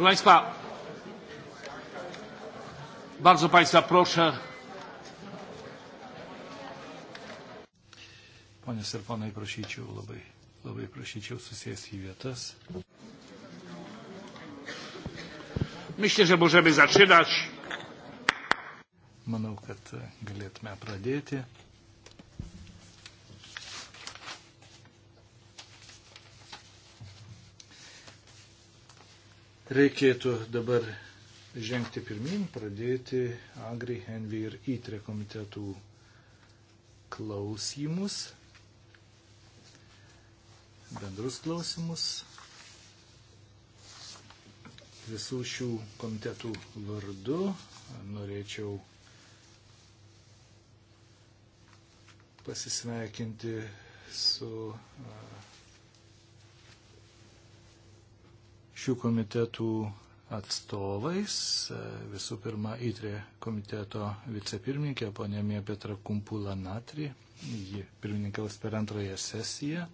Proszę Państwa, bardzo Państwa proszę. Panie Serponai, prašyčiau labai, labai prašyčiau susėsti į vietas. Myślę, że możemy zaczynać. Manau, kad galėtume pradėti. reikėtų dabar žengti pirmin, pradėti Agri, Envi ir Įtre komitetų klausimus, bendrus klausimus visų šių komitetų vardu. Norėčiau pasisveikinti su uh, šių komitetų atstovais. Visų pirma, įtrė komiteto vicepirmininkė ponėmė Petra Kumpula Natri. Ji pirmininkaus per antrąją sesiją.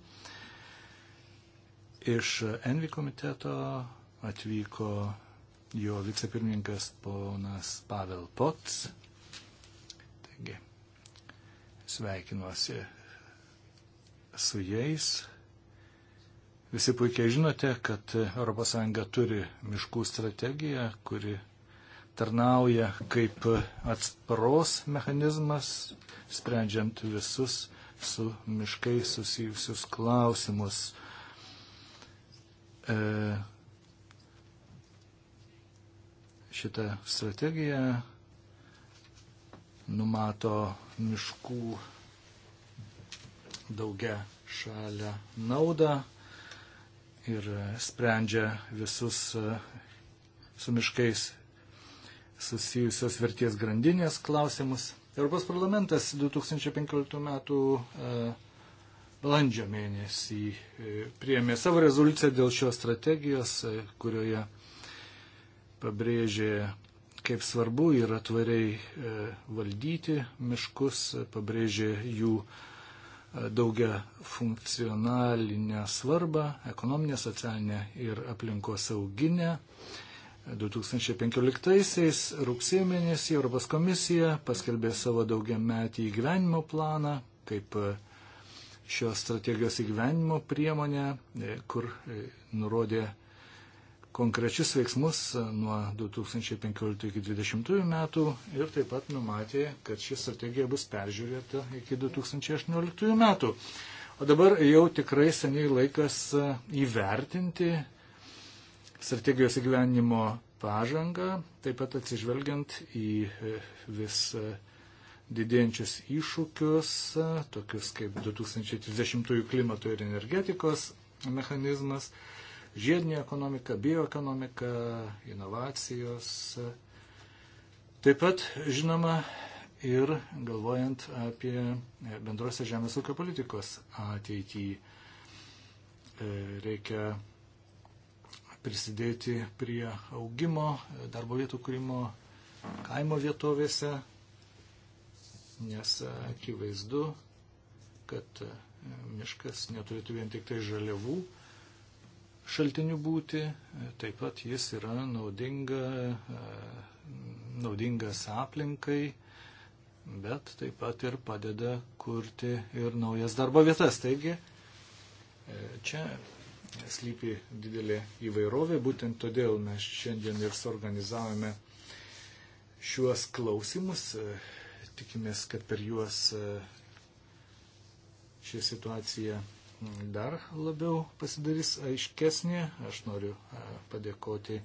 Iš Envi komiteto atvyko jo vicepirmininkas ponas Pavel Pots. Taigi, sveikinuosi su jais. Visi puikiai žinote, kad ES turi miškų strategiją, kuri tarnauja kaip atsparos mechanizmas, sprendžiant visus su miškai susijusius klausimus. E, šitą strategiją numato miškų daugia šalia naudą ir sprendžia visus e, su miškais susijusios verties grandinės klausimus. Europos parlamentas 2015 metų e, balandžio mėnesį e, priėmė savo rezoliuciją dėl šios strategijos, kurioje pabrėžė, kaip svarbu yra tvariai valdyti miškus, pabrėžė jų daugia funkcionalinę svarbą - ekonominę, socialinę ir aplinkos sauginę. 2015-aisiais rugsėjo mėnesį Europos komisija paskelbė savo daugia metį įgyvenimo planą kaip e, šios strategijos įgyvenimo priemonę, e, kur e, nurodė konkrečius veiksmus e, nuo 2015 iki 2020 metų ir taip pat numatė, kad ši strategija bus peržiūrėta iki 2018 metų. O dabar jau tikrai seniai laikas e, įvertinti strategijos įgyvenimo pažangą, taip pat atsižvelgiant į e, vis didėjančius iššūkius, tokius kaip 2030 klimato ir energetikos mechanizmas, žiedinė ekonomika, bioekonomika, inovacijos. Taip pat, žinoma, ir galvojant apie bendrosios žemės ūkio politikos ateitį, e, reikia prisidėti prie augimo, darbo vietų kūrimo kaimo vietovėse, nes akivaizdu, kad miškas neturėtų vien tik tai žaliavų, šaltiniu būti, taip pat jis yra naudinga, e, naudingas aplinkai, bet taip pat ir padeda kurti ir naujas darbo vietas. Taigi e, čia slypi didelė įvairovė, būtent todėl mes šiandien ir suorganizavome šiuos klausimus. E, tikimės, kad per juos ši situacija dar labiau pasidarys aiškesnė. Aš noriu e, padėkoti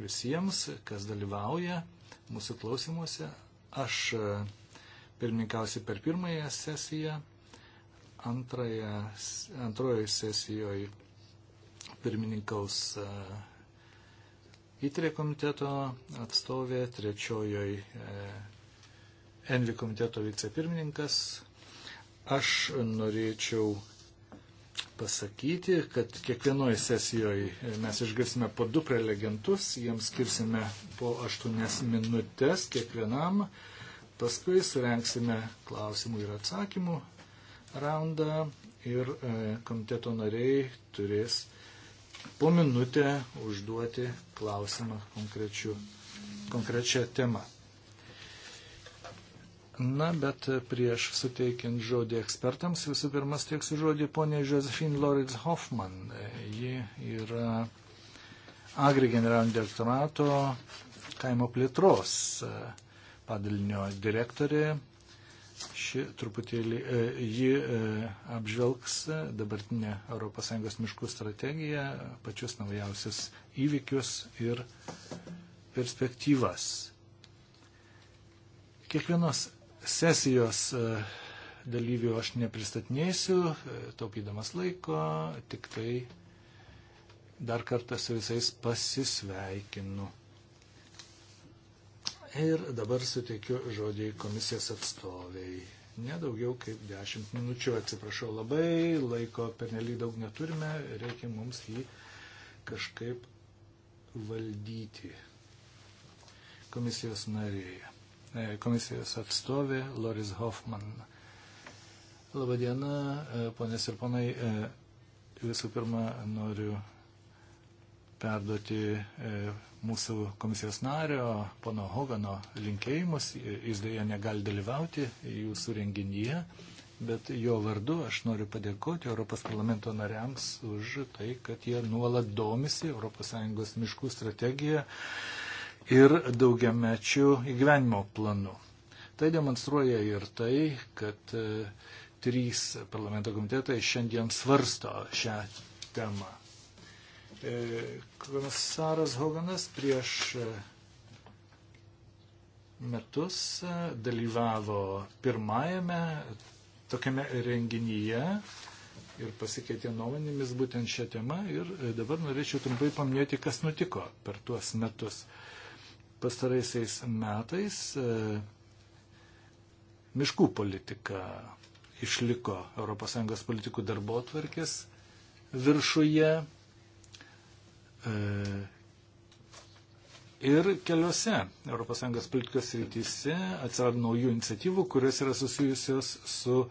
visiems, kas dalyvauja mūsų klausimuose. Aš e, pirmininkausi per pirmąją sesiją, antrąją, antrojoje sesijoje pirmininkaus e, įtrė komiteto atstovė, trečiojoje Envi komiteto vicepirmininkas. Aš norėčiau pasakyti, kad kiekvienoje sesijoje mes išgirsime po du prelegentus, jiems skirsime po aštuonias minutės kiekvienam, paskui surenksime klausimų ir atsakymų raundą ir e, komiteto nariai turės po minutę užduoti klausimą konkrečią temą. Na, bet prieš suteikiant žodį ekspertams, visų pirma, teiksiu žodį poniai Josephine Loritz Hoffman. Ji yra Agri generalinio direktorato kaimo plėtros e, padalinio direktorė. Ši truputėlį, e, ji e, apžvelgs dabartinę ES miškų strategiją, pačius naujausius įvykius ir perspektyvas. Kiekvienos sesijos e, dalyvių aš nepristatinėsiu, e, taupydamas laiko, tik tai dar kartą su visais pasisveikinu. Ir dabar suteikiu žodį komisijos atstoviai. Nedaugiau kaip 10 minučių, atsiprašau labai, laiko pernelyg daug neturime, reikia mums jį kažkaip valdyti komisijos narėje. E, komisijos atstovė Loris Hoffman. Labadiena, e, ponės ir ponai. E, visų pirma, noriu perduoti mūsų komisijos nario, pono Hogano, linkėjimus. Jis dėja negali dalyvauti jūsų renginyje, bet jo vardu aš noriu padėkoti Europos parlamento nariams už tai, kad jie nuolat domisi ES miškų strategiją ir daugiamečių įgyvenimo planu. Tai demonstruoja ir tai, kad e, trys parlamento komitetai šiandien svarsto šią temą. E, komisaras Hoganas prieš e, metus dalyvavo pirmajame tokiame renginyje ir pasikeitė nuomonėmis būtent šią temą ir dabar norėčiau trumpai paminėti, kas nutiko per tuos metus pastaraisiais metais e, miškų politika išliko ES politikų darbo atvarkės viršuje e, ir keliose ES politikos rytise atsirado naujų iniciatyvų, kurios yra susijusios su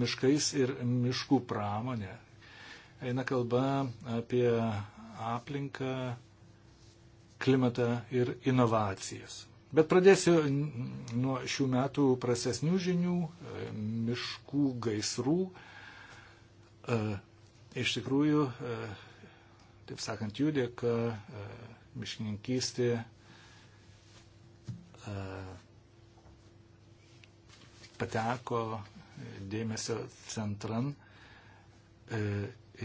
miškais ir miškų pramonė. Eina kalba apie aplinką, klimatą ir inovacijas. Bet pradėsiu nuo šių metų prasesnių žinių, e, miškų gaisrų. E, iš tikrųjų, e, taip sakant, jų dėka miškininkystė pateko dėmesio centran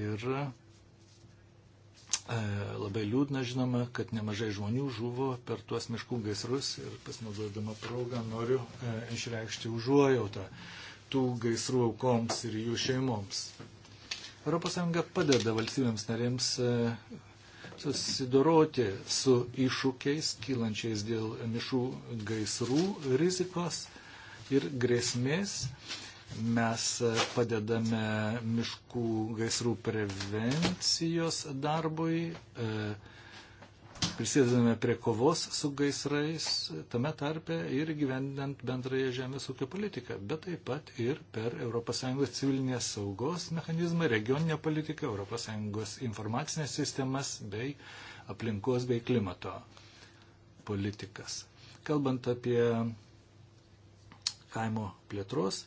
ir E, labai liūdna žinoma, kad nemažai žmonių žuvo per tuos miškų gaisrus ir pasinaudodama progą noriu e, išreikšti užuojautą tų gaisrų aukoms ir jų šeimoms. ES padeda valstybėms narėms e, susidoroti su iššūkiais kylančiais dėl mišų gaisrų rizikos ir grėsmės. Mes padedame miškų gaisrų prevencijos darbui, e, prisidedame prie kovos su gaisrais, tame tarpe ir gyvendant bendrąją žemės ūkio politiką, bet taip pat ir per ES civilinės saugos mechanizmą, regioninę politiką, ES informacinės sistemas bei aplinkos bei klimato politikas. Kalbant apie kaimo plėtros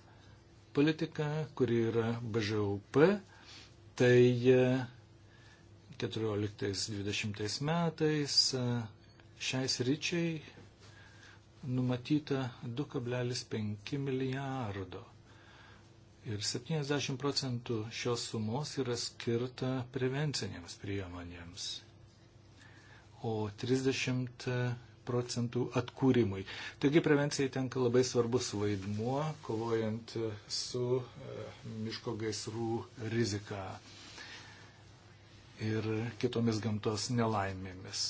politika, kuri yra BŽUP, tai 14-20 e, metais e, šiais ryčiai numatyta 2,5 milijardo. Ir 70 procentų šios sumos yra skirta prevencinėms priemonėms, o 30 procentų atkūrimui. Taigi prevencijai tenka labai svarbus vaidmuo, kovojant su e, miško gaisrų rizika ir kitomis gamtos nelaimėmis.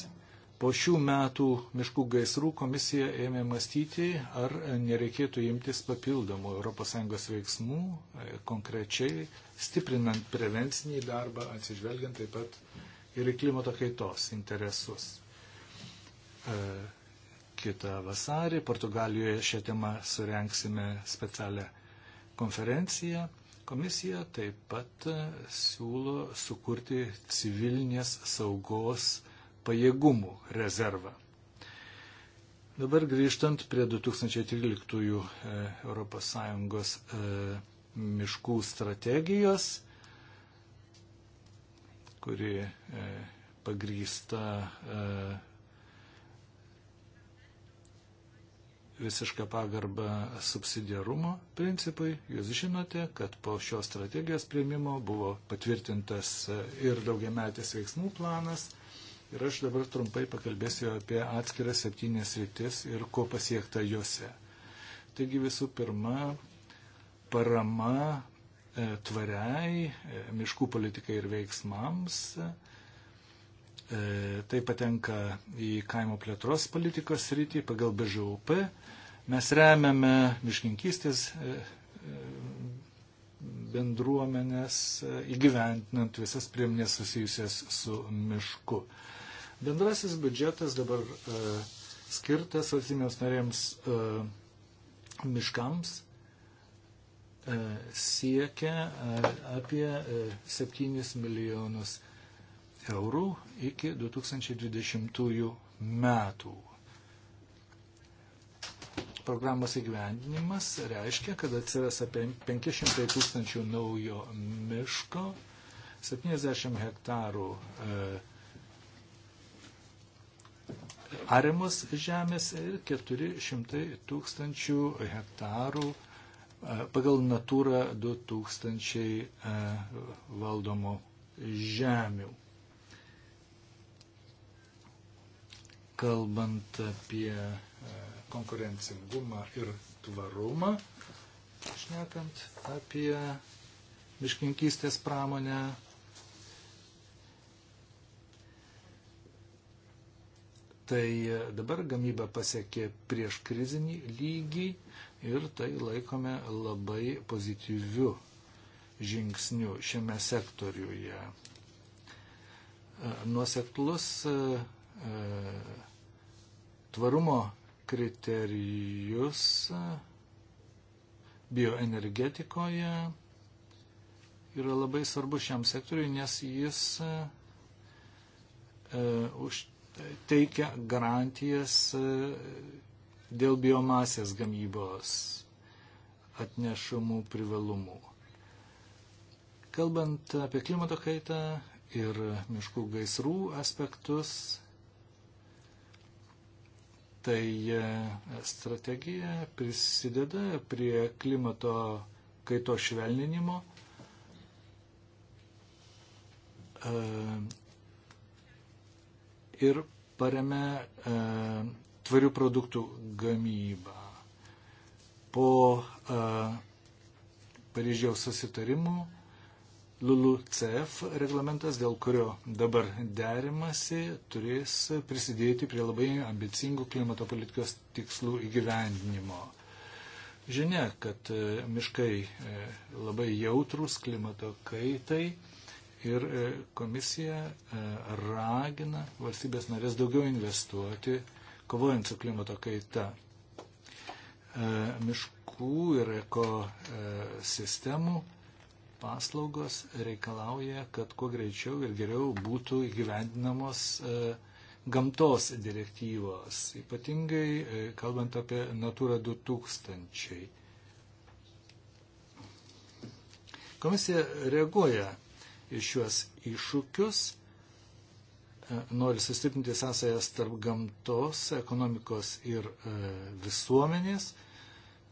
Po šių metų miškų gaisrų komisija ėmė mąstyti, ar nereikėtų imtis papildomų ES veiksmų, e, konkrečiai stiprinant prevencinį darbą, atsižvelgiant taip pat ir į klimato kaitos interesus. E, kitą vasarį. Portugalijoje šią temą surenksime specialią konferenciją. Komisija taip pat e, siūlo sukurti civilinės saugos pajėgumų rezervą. Dabar grįžtant prie 2013 ES e, miškų strategijos, kuri pagrysta visišką pagarbą subsidiarumo principui. Jūs žinote, kad po šios strategijos prieimimo buvo patvirtintas e, ir daugiametis veiksmų planas. Ir aš dabar trumpai pakalbėsiu apie atskiras septynės rytis ir ko pasiekta juose. Taigi visų pirma, parama e, tvariai e, miškų politikai ir veiksmams. E, E, tai patenka į kaimo plėtros politikos rytį pagal BŽUP. Mes remiame miškinkystės e, e, bendruomenės įgyventinant visas priemonės susijusias su mišku. Bendrasis biudžetas dabar e, skirtas valstybėms narėms e, miškams e, siekia e, apie e, 7 milijonus eurų eurų iki 2020 metų. Programos įgyvendinimas reiškia, kad atsiras apie 500 tūkstančių naujo miško, 70 hektarų e, ariamos žemės ir 400 tūkstančių hektarų e, pagal natūrą 2000 e, valdomų žemių. kalbant apie e, konkurencingumą ir tvarumą, šnekant apie miškininkystės pramonę. Tai dabar gamyba pasiekė prieš krizinį lygį ir tai laikome labai pozityviu žingsniu šiame sektoriuje. E, nuoseklus e, tvarumo kriterijus bioenergetikoje yra labai svarbu šiam sektoriui, nes jis e, teikia garantijas e, dėl biomasės gamybos atnešamų privalumų. Kalbant apie klimato kaitą ir miškų gaisrų aspektus, tai e, strategija prisideda prie klimato kaito švelninimo. E, ir paremia e, tvarių produktų gamybą. Po Paryžiaus susitarimų LULUCF reglamentas, dėl kurio dabar derimasi, turės prisidėti prie labai ambicingų klimato politikos tikslų įgyvendinimo. Žinia, kad e, miškai e, labai jautrus klimato kaitai ir e, komisija ragina valstybės narės daugiau investuoti, kovojant su klimato kaita. Miškų ir ekosistemų paslaugos reikalauja, kad kuo greičiau ir geriau būtų įgyvendinamos e, gamtos direktyvos, ypatingai e, kalbant apie Natūra 2000. Komisija reaguoja į šiuos iššūkius e, nori sustiprinti sąsajas tarp gamtos, ekonomikos ir e, visuomenės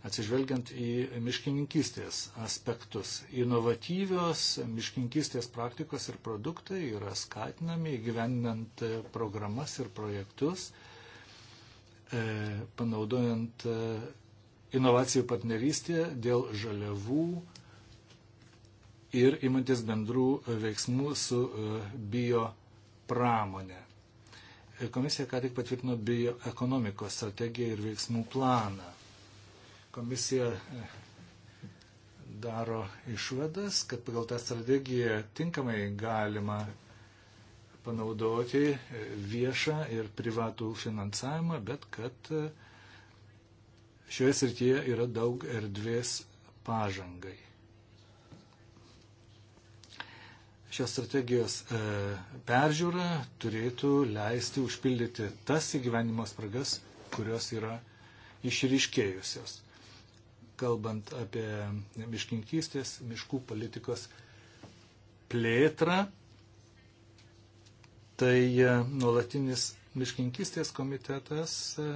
atsižvelgiant į miškininkystės aspektus. Inovatyvios miškininkystės praktikos ir produktai yra skatinami įgyvendinant programas ir projektus, e, panaudojant e, inovacijų partnerystę dėl žaliavų ir imantis bendrų veiksmų su e, bio pramonė. Komisija ką tik patvirtino bioekonomikos strategiją ir veiksmų planą Komisija eh, daro išvadas, kad pagal tą strategiją tinkamai galima panaudoti eh, viešą ir privatų finansavimą, bet kad eh, šioje srityje yra daug erdvės pažangai. Šios strategijos e, peržiūra turėtų leisti užpildyti tas įgyvenimo spragas, kurios yra išryškėjusios kalbant apie miškinkystės, miškų politikos plėtrą, tai e, nuolatinis miškinkystės komitetas e,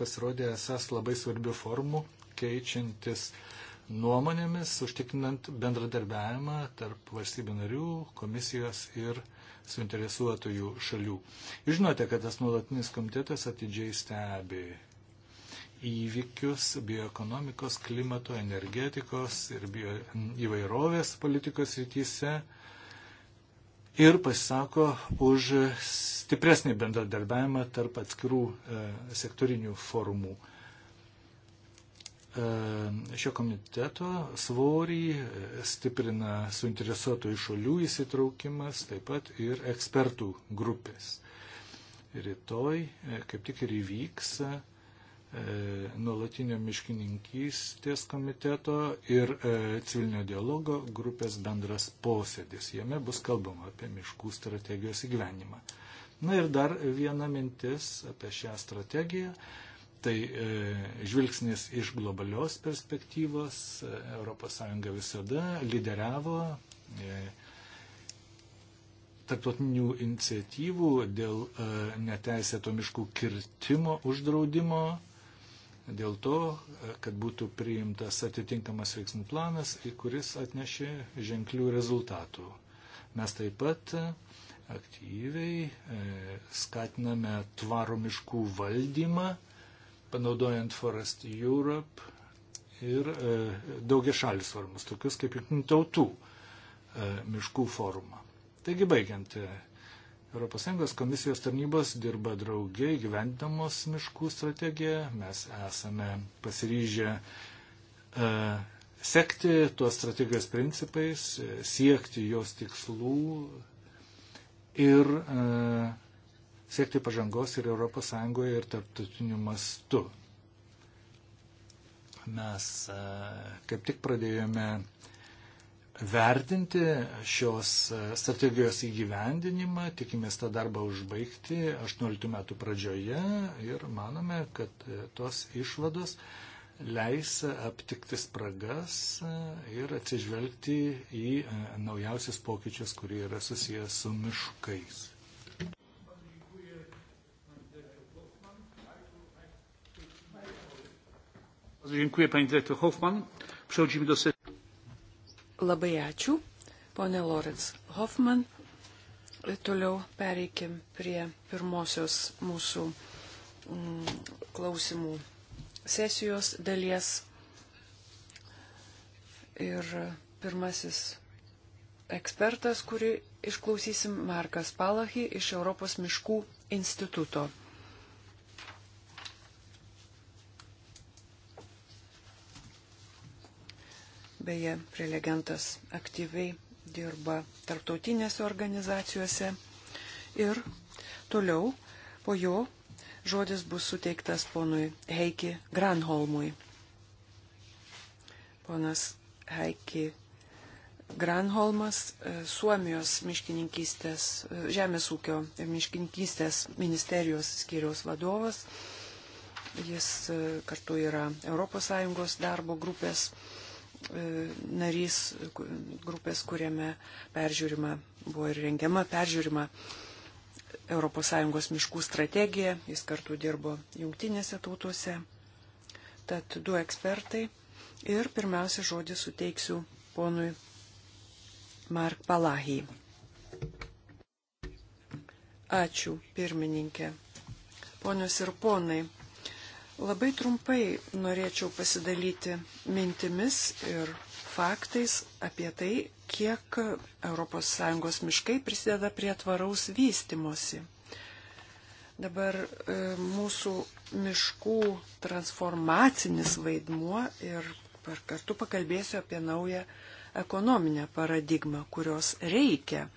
pasirodė esas labai svarbių formų, keičiantis nuomonėmis, užtikrinant bendradarbiavimą tarp valstybių narių, komisijos ir suinteresuotųjų šalių. Žinote, kad tas nuolatinis komitetas atidžiai stebi įvykius bioekonomikos, klimato, energetikos ir bio įvairovės politikos rytise ir pasisako už stipresnį bendradarbiavimą tarp atskirų e, sektorinių formų. E, šio komiteto svorį e, stiprina suinteresuotų šalių įsitraukimas, taip pat ir ekspertų grupės. Rytoj e, kaip tik ir įvyks e, E, nuolatinio miškininkystės komiteto ir e, civilinio dialogo grupės bendras posėdis. Jame bus kalbama apie miškų strategijos įgyvenimą. Na ir dar viena mintis apie šią strategiją. Tai e, žvilgsnis iš globalios perspektyvos. ES visada lyderiavo e, tarptautinių iniciatyvų dėl e, neteisėto miškų kirtimo uždraudimo dėl to, e, kad būtų priimtas atitinkamas veiksmų planas, kuris atnešė ženklių rezultatų. Mes taip pat e, aktyviai e, skatiname tvarų miškų valdymą, panaudojant Forest Europe ir daugia šalius formus, tokius kaip jungtinių tautų miškų forumą. Taigi, baigiant ES komisijos tarnybos dirba draugiai gyvendamos miškų strategiją. Mes esame pasiryžę e, sekti tuos strategijos principais, e, siekti jos tikslų ir e, siekti pažangos ir ES ir tarptautiniu mastu. Mes e, kaip tik pradėjome e, vertinti šios e, strategijos įgyvendinimą, tikimės tą darbą užbaigti 18 metų pradžioje ir manome, kad e, tos išvados leis aptikti spragas e, ir atsižvelgti į naujausius pokyčius, kurie yra susijęs su miškais. Dziękuję Pani Dyrektor Hoffman. Przechodzimy do sesji. Labai ačiū, ponė Lorenz Hoffman. E, toliau pereikim prie pirmosios mūsų mm, klausimų sesijos dalies. Ir pirmasis ekspertas, kurį išklausysim, Markas Palachy iš Europos miškų instituto. Beje, prelegentas aktyviai dirba tarptautinėse organizacijose. Ir toliau po jo žodis bus suteiktas ponui Heiki Granholmui. Ponas Heiki Granholmas, e, Suomijos miškininkystės, e, žemės ūkio ir miškininkystės ministerijos skyriaus vadovas. Jis e, kartu yra ES darbo grupės E, narys grupės, kuriame peržiūrima, buvo ir rengiama peržiūrima ES miškų strategija, jis kartu dirbo jungtinėse tautose. Tad du ekspertai ir pirmiausia žodį suteiksiu ponui Mark Palahy. Ačiū, pirmininkė. Ponios ir ponai, Labai trumpai norėčiau pasidalyti mintimis ir faktais apie tai, kiek ES miškai prisideda prie tvaraus vystimosi. Dabar e, mūsų miškų transformacinis vaidmuo ir per kartu pakalbėsiu apie naują ekonominę paradigmą, kurios reikia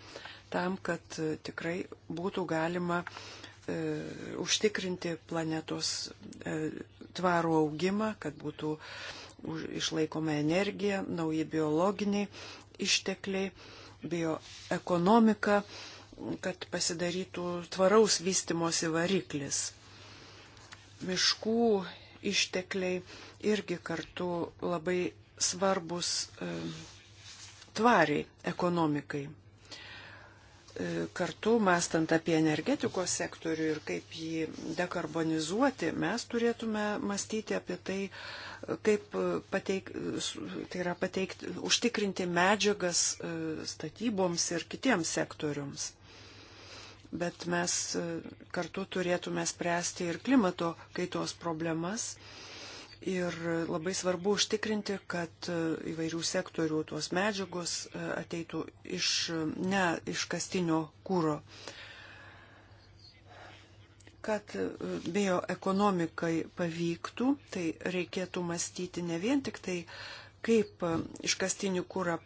tam, kad e, tikrai būtų galima uh, E, užtikrinti planetos e, tvarų augimą, kad būtų išlaikoma energija, nauji biologiniai ištekliai, bioekonomika, kad pasidarytų tvaraus vystimosi variklis. Miškų ištekliai irgi kartu labai svarbus e, tvariai ekonomikai. E, kartu, mastant apie energetikos sektorių ir kaip jį dekarbonizuoti, mes turėtume mąstyti apie tai, e, kaip e, pateik, tai yra pateikti, užtikrinti medžiagas statyboms ir kitiems sektoriums. Bet mes kartu turėtume spręsti ir klimato kaitos problemas Ir labai svarbu užtikrinti, kad e, įvairių sektorių tuos medžiagos e, ateitų iš, ne iš kastinio kūro. Kad e, bioekonomikai pavyktų, tai reikėtų mąstyti ne vien tik tai, kaip iškastinį kūrą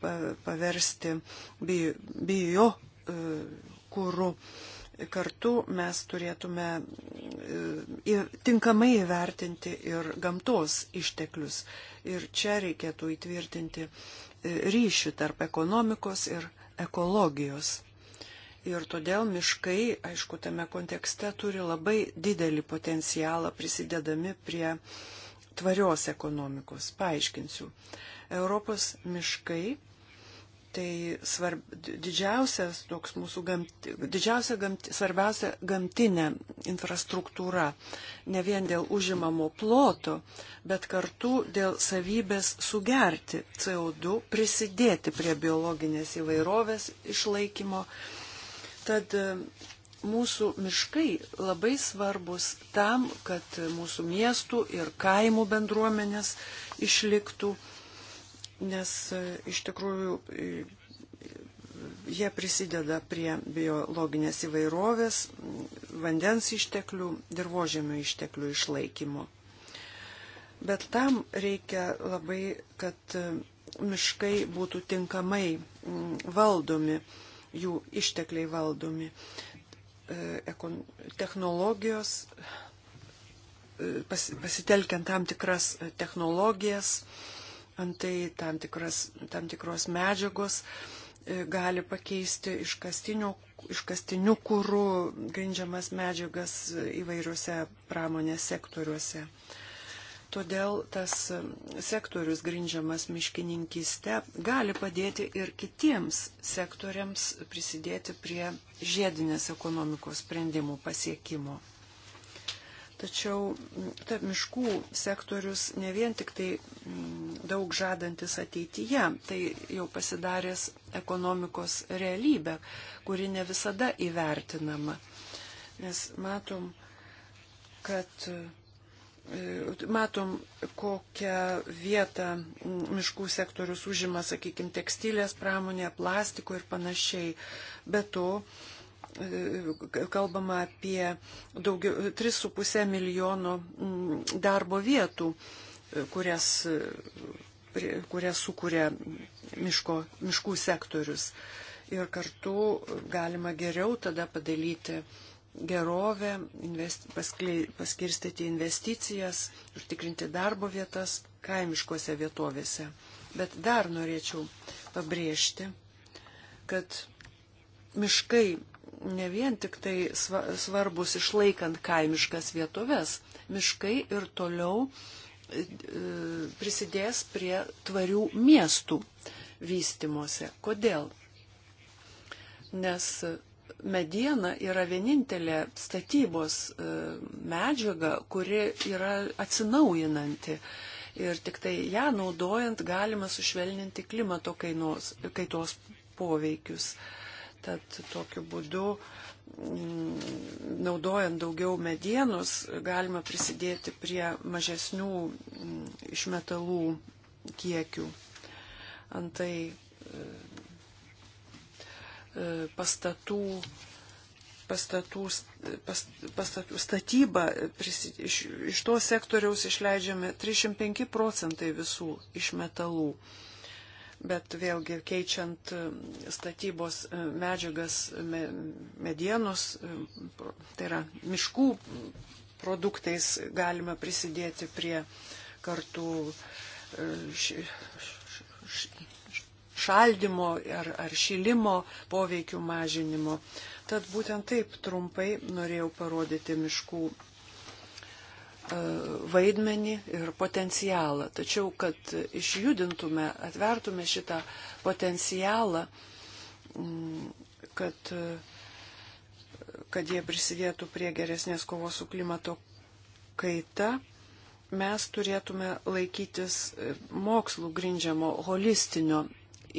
paversti bio, bio kūru, kartu mes turėtume e, tinkamai įvertinti ir gamtos išteklius. Ir čia reikėtų įtvirtinti e, ryšį tarp ekonomikos ir ekologijos. Ir todėl miškai, aišku, tame kontekste turi labai didelį potencialą prisidedami prie tvarios ekonomikos. Paaiškinsiu. Europos miškai Tai svarb, didžiausias toks mūsų gamti, didžiausia gamti, svarbiausia gamtinė infrastruktūra. Ne vien dėl užimamo ploto, bet kartu dėl savybės sugerti CO2, prisidėti prie biologinės įvairovės išlaikymo. Tad e, mūsų miškai labai svarbus tam, kad mūsų miestų ir kaimų bendruomenės išliktų nes e, iš tikrųjų e, jie prisideda prie biologinės įvairovės, vandens išteklių, dirbožėmio išteklių išlaikymo. Bet tam reikia labai, kad e, miškai būtų tinkamai mm, valdomi, jų ištekliai valdomi. Technologijos, pasitelkiant tam tikras technologijas, antai tam, tikras, tam tikros medžiagos e, gali pakeisti iškastinių iš kūrų grindžiamas medžiagas įvairiuose pramonės sektoriuose. Todėl tas e, sektorius grindžiamas miškininkiste gali padėti ir kitiems sektoriams prisidėti prie žiedinės ekonomikos sprendimų pasiekimo. Tačiau ta miškų sektorius ne vien tik tai daug žadantis ateityje, tai jau pasidaręs ekonomikos realybė, kuri ne visada įvertinama. Nes matom, kad e, matom, kokią vietą miškų sektorius užima, sakykime, tekstilės pramonė, plastiko ir panašiai. Be to, kalbama apie daugiau 3,5 milijono mm, darbo vietų, e, kurias, e, kurias sukuria miško, miškų sektorius. Ir kartu galima geriau tada padalyti gerovę, investi, pasklei, paskirstyti investicijas ir tikrinti darbo vietas kaimiškose vietovėse. Bet dar norėčiau pabrėžti, kad miškai ne vien tik tai svarbus išlaikant kaimiškas vietoves. Miškai ir toliau e, prisidės prie tvarių miestų vystimuose. Kodėl? Nes mediena yra vienintelė statybos e, medžiaga, kuri yra atsinaujinanti. Ir tik tai ją naudojant galima sušvelninti klimato kainos, kaitos poveikius. Uh, Tad tokiu būdu, mm, naudojant daugiau medienos, galima prisidėti prie mažesnių mm, išmetalų kiekių. Antai e, e, pastatų, pastatų, past, pastatų statyba, iš, iš to sektoriaus išleidžiame 305 procentai visų išmetalų. metalų bet vėlgi keičiant e, statybos e, medžiagas medienus, e, tai yra miškų produktais galima prisidėti prie kartų šaldimo ar, ar šilimo poveikių mažinimo. Tad būtent taip trumpai norėjau parodyti miškų E, vaidmenį ir potencialą. Tačiau, kad išjudintume, atvertume šitą potencialą, kad, e, kad jie prisidėtų prie geresnės kovos su klimato kaita, mes turėtume laikytis e, mokslų grindžiamo holistinio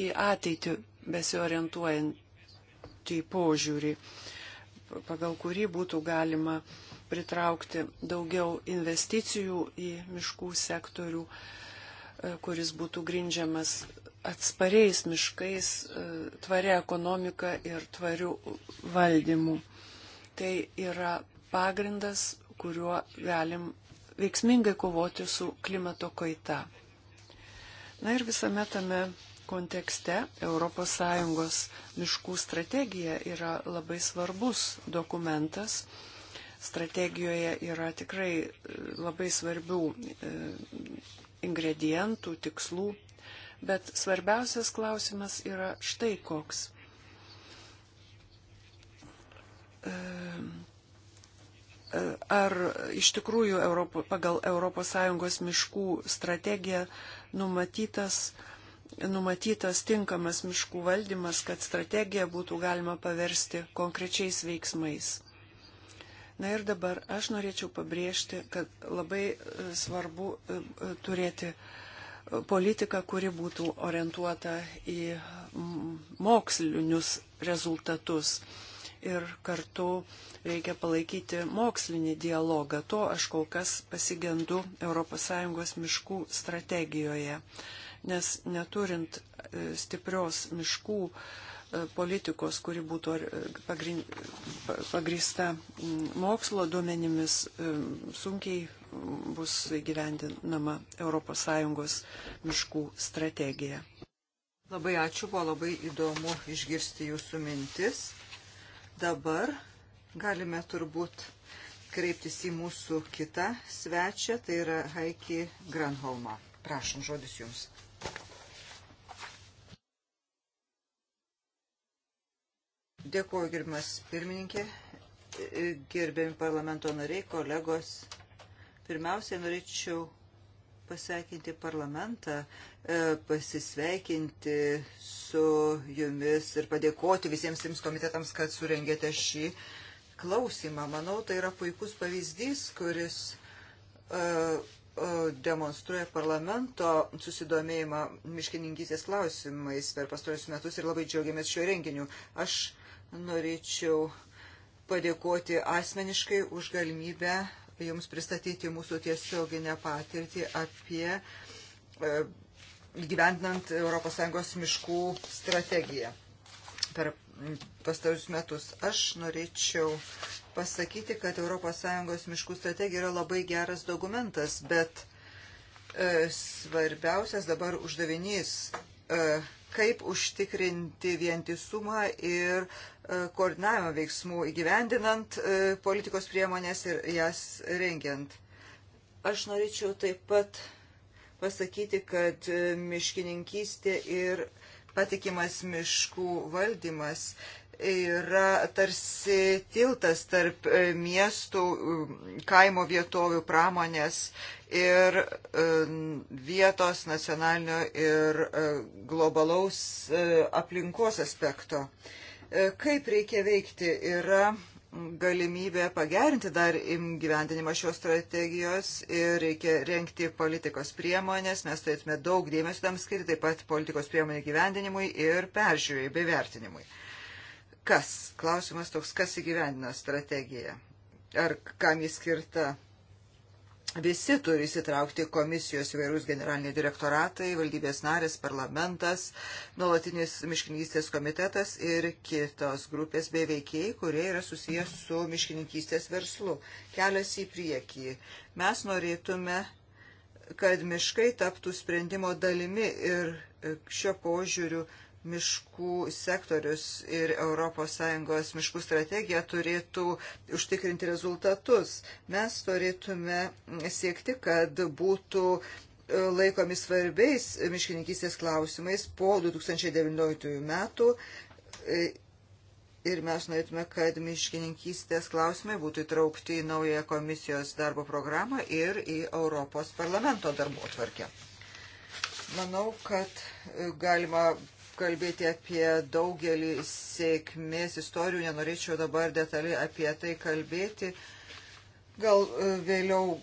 į ateitį besiorientuojantį požiūrį, pagal kurį būtų galima uh, pritraukti daugiau investicijų į miškų sektorių, e, kuris būtų grindžiamas atspariais miškais, e, tvaria ekonomika ir tvariu valdymu. Tai yra pagrindas, kuriuo galim veiksmingai kovoti su klimato kaita. Na ir visame tame kontekste ES miškų strategija yra labai svarbus dokumentas, strategijoje yra tikrai e, labai svarbių e, ingredientų, tikslų, bet svarbiausias klausimas yra štai koks. E, ar iš tikrųjų Europo, pagal ES miškų strategiją numatytas, numatytas tinkamas miškų valdymas, kad strategiją būtų galima paversti konkrečiais veiksmais? Na ir dabar aš norėčiau pabrėžti, kad labai e, svarbu e, e, turėti politiką, kuri būtų orientuota į mokslinius rezultatus. Ir kartu reikia palaikyti mokslinį dialogą. To aš kol kas pasigendu ES miškų strategijoje. Nes neturint stiprios miškų uh, E, politikos, kuri būtų e, pagrįsta mokslo duomenimis, e, sunkiai bus gyvendinama ES miškų strategija. Labai ačiū, buvo labai įdomu išgirsti jūsų mintis. Dabar galime turbūt kreiptis į mūsų kitą svečią, tai yra Haiki Granholma. Prašom, žodis jums. Dėkuoju, gerbimas pirmininkė, e, gerbiami parlamento nariai, kolegos. Pirmiausiai norėčiau pasveikinti parlamentą, e, pasisveikinti su jumis ir padėkoti visiems trims komitetams, kad surengėte šį klausimą. Manau, tai yra puikus pavyzdys, kuris e, demonstruoja parlamento susidomėjimą miškininkysės klausimais per pastorius metus ir labai džiaugiamės šiuo renginiu. Aš uh, norėčiau padėkoti asmeniškai už galimybę Jums pristatyti mūsų tiesioginę patirtį apie e, įgyvendinant ES miškų strategiją per pastarius metus. Aš norėčiau pasakyti, kad ES miškų strategija yra labai geras dokumentas, bet e, svarbiausias dabar uždavinys, e, kaip užtikrinti vientisumą ir E, koordinavimo veiksmų įgyvendinant e, politikos priemonės ir jas rengiant. Aš norėčiau taip pat pasakyti, kad e, miškininkystė ir patikimas miškų valdymas yra tarsi tiltas tarp miestų, kaimo vietovių, pramonės ir vietos nacionalinio ir globalaus aplinkos aspekto. E, kaip reikia veikti? Yra galimybė pagerinti dar gyventinimą šios strategijos ir reikia renkti politikos priemonės. Mes turėtume daug dėmesio tam skirti, taip pat politikos priemonių gyvendinimui ir peržiūrėjai bei vertinimui. Kas? Klausimas toks, kas įgyvendina strategiją? Ar kam jis skirta? visi turi įsitraukti komisijos įvairūs generaliniai direktoratai, valdybės narės, parlamentas, nuolatinis miškininkystės komitetas ir kitos grupės bei veikėjai, kurie yra susijęs su miškininkystės verslu. Kelias į priekį. Mes norėtume, kad miškai taptų sprendimo dalimi ir šio požiūriu miškų sektorius ir ES miškų strategija turėtų užtikrinti rezultatus. Mes turėtume siekti, kad būtų e, laikomi svarbiais miškininkystės klausimais po 2019 metų e, ir mes norėtume, kad miškininkystės klausimai būtų įtraukti į naują komisijos darbo programą ir į Europos parlamento darbo atvarkę. Manau, kad e, galima kalbėti apie daugelį sėkmės istorijų, nenorėčiau dabar detaliai apie tai kalbėti. Gal e, vėliau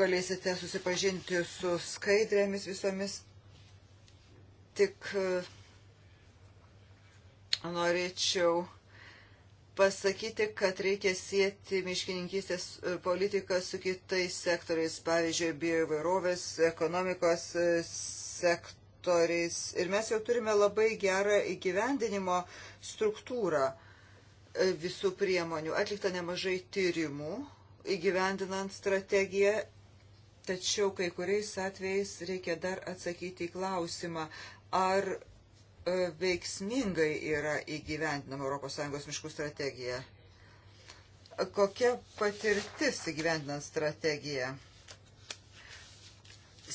galėsite susipažinti su skaidrėmis visomis. Tik e, norėčiau pasakyti, kad reikia sieti miškininkystės e, politiką su kitais sektoriais, pavyzdžiui, bioįvairovės, ekonomikos sektoriais sektoriais ir mes jau turime labai gerą įgyvendinimo struktūrą e, visų priemonių. Atlikta nemažai tyrimų įgyvendinant strategiją, tačiau kai kuriais atvejais reikia dar atsakyti į klausimą, ar e, veiksmingai yra įgyvendinama ES miškų strategija. Kokia patirtis įgyvendinant strategiją?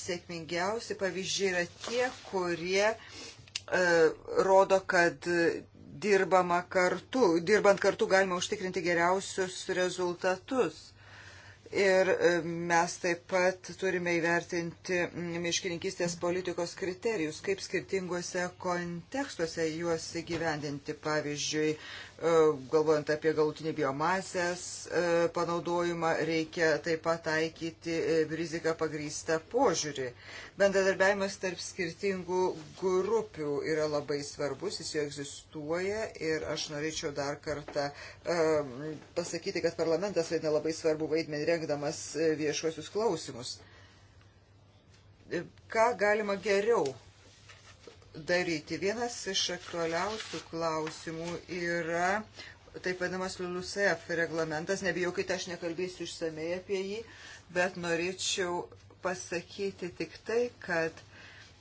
sėkmingiausi pavyzdžiai yra tie, kurie e, rodo, kad dirbama kartu, dirbant kartu galima užtikrinti geriausius rezultatus. Ir e, mes taip pat turime įvertinti miškininkystės politikos kriterijus, kaip skirtinguose kontekstuose juos įgyvendinti. Pavyzdžiui, E, galvojant apie galutinį biomasės e, panaudojimą, reikia taip pat taikyti e, riziką pagrįstą požiūrį. Bendradarbiavimas tarp skirtingų grupių yra labai svarbus, jis jau egzistuoja ir aš norėčiau dar kartą pasakyti, kad parlamentas vaidina labai svarbu vaidmenį rengdamas viešuosius klausimus. Ką galima geriau daryti. Vienas iš aktualiausių klausimų yra taip vadinamas LULUCF reglamentas. Nebijokite, aš nekalbėsiu išsamei apie jį, bet norėčiau pasakyti tik tai, kad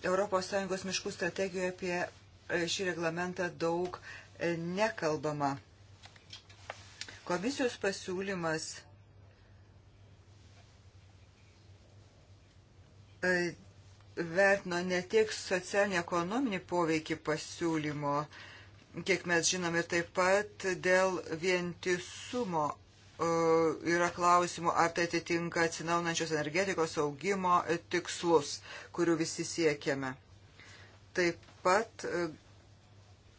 ES miškų strategijoje apie e, šį reglamentą daug e, nekalbama. Komisijos pasiūlymas e, vertino ne tiek socialinį ekonominį poveikį pasiūlymo, kiek mes žinome, taip pat dėl vientisumo e, yra klausimų, ar tai atitinka atsinaunančios energetikos augimo tikslus, kurių visi siekiame. Taip pat e,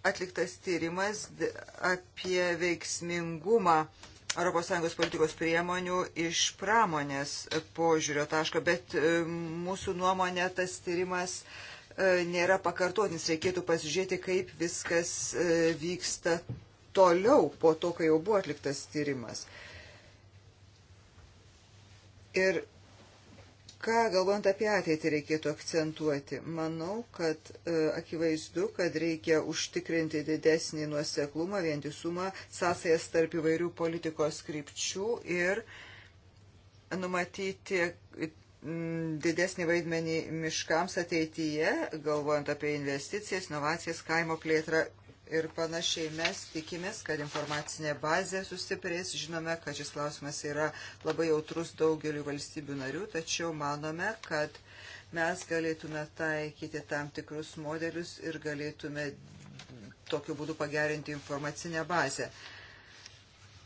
atliktas tyrimas apie veiksmingumą ES politikos priemonių iš pramonės požiūrio taško, bet e, mūsų nuomonė tas tyrimas e, nėra pakartotinis. Reikėtų pasižiūrėti, kaip viskas e, vyksta toliau po to, kai jau buvo atliktas tyrimas. Ir ką galvojant apie ateitį reikėtų akcentuoti? Manau, kad e, akivaizdu, kad reikia užtikrinti didesnį nuoseklumą, vientisumą, sąsajas tarp įvairių politikos krypčių ir numatyti didesnį vaidmenį miškams ateityje, galvojant apie investicijas, inovacijas, kaimo plėtrą ir panašiai. Mes tikimės, kad informacinė bazė sustiprės. Žinome, kad šis klausimas yra labai jautrus daugeliu valstybių narių, tačiau manome, kad mes galėtume taikyti tam tikrus modelius ir galėtume tokiu būdu pagerinti informacinę bazę.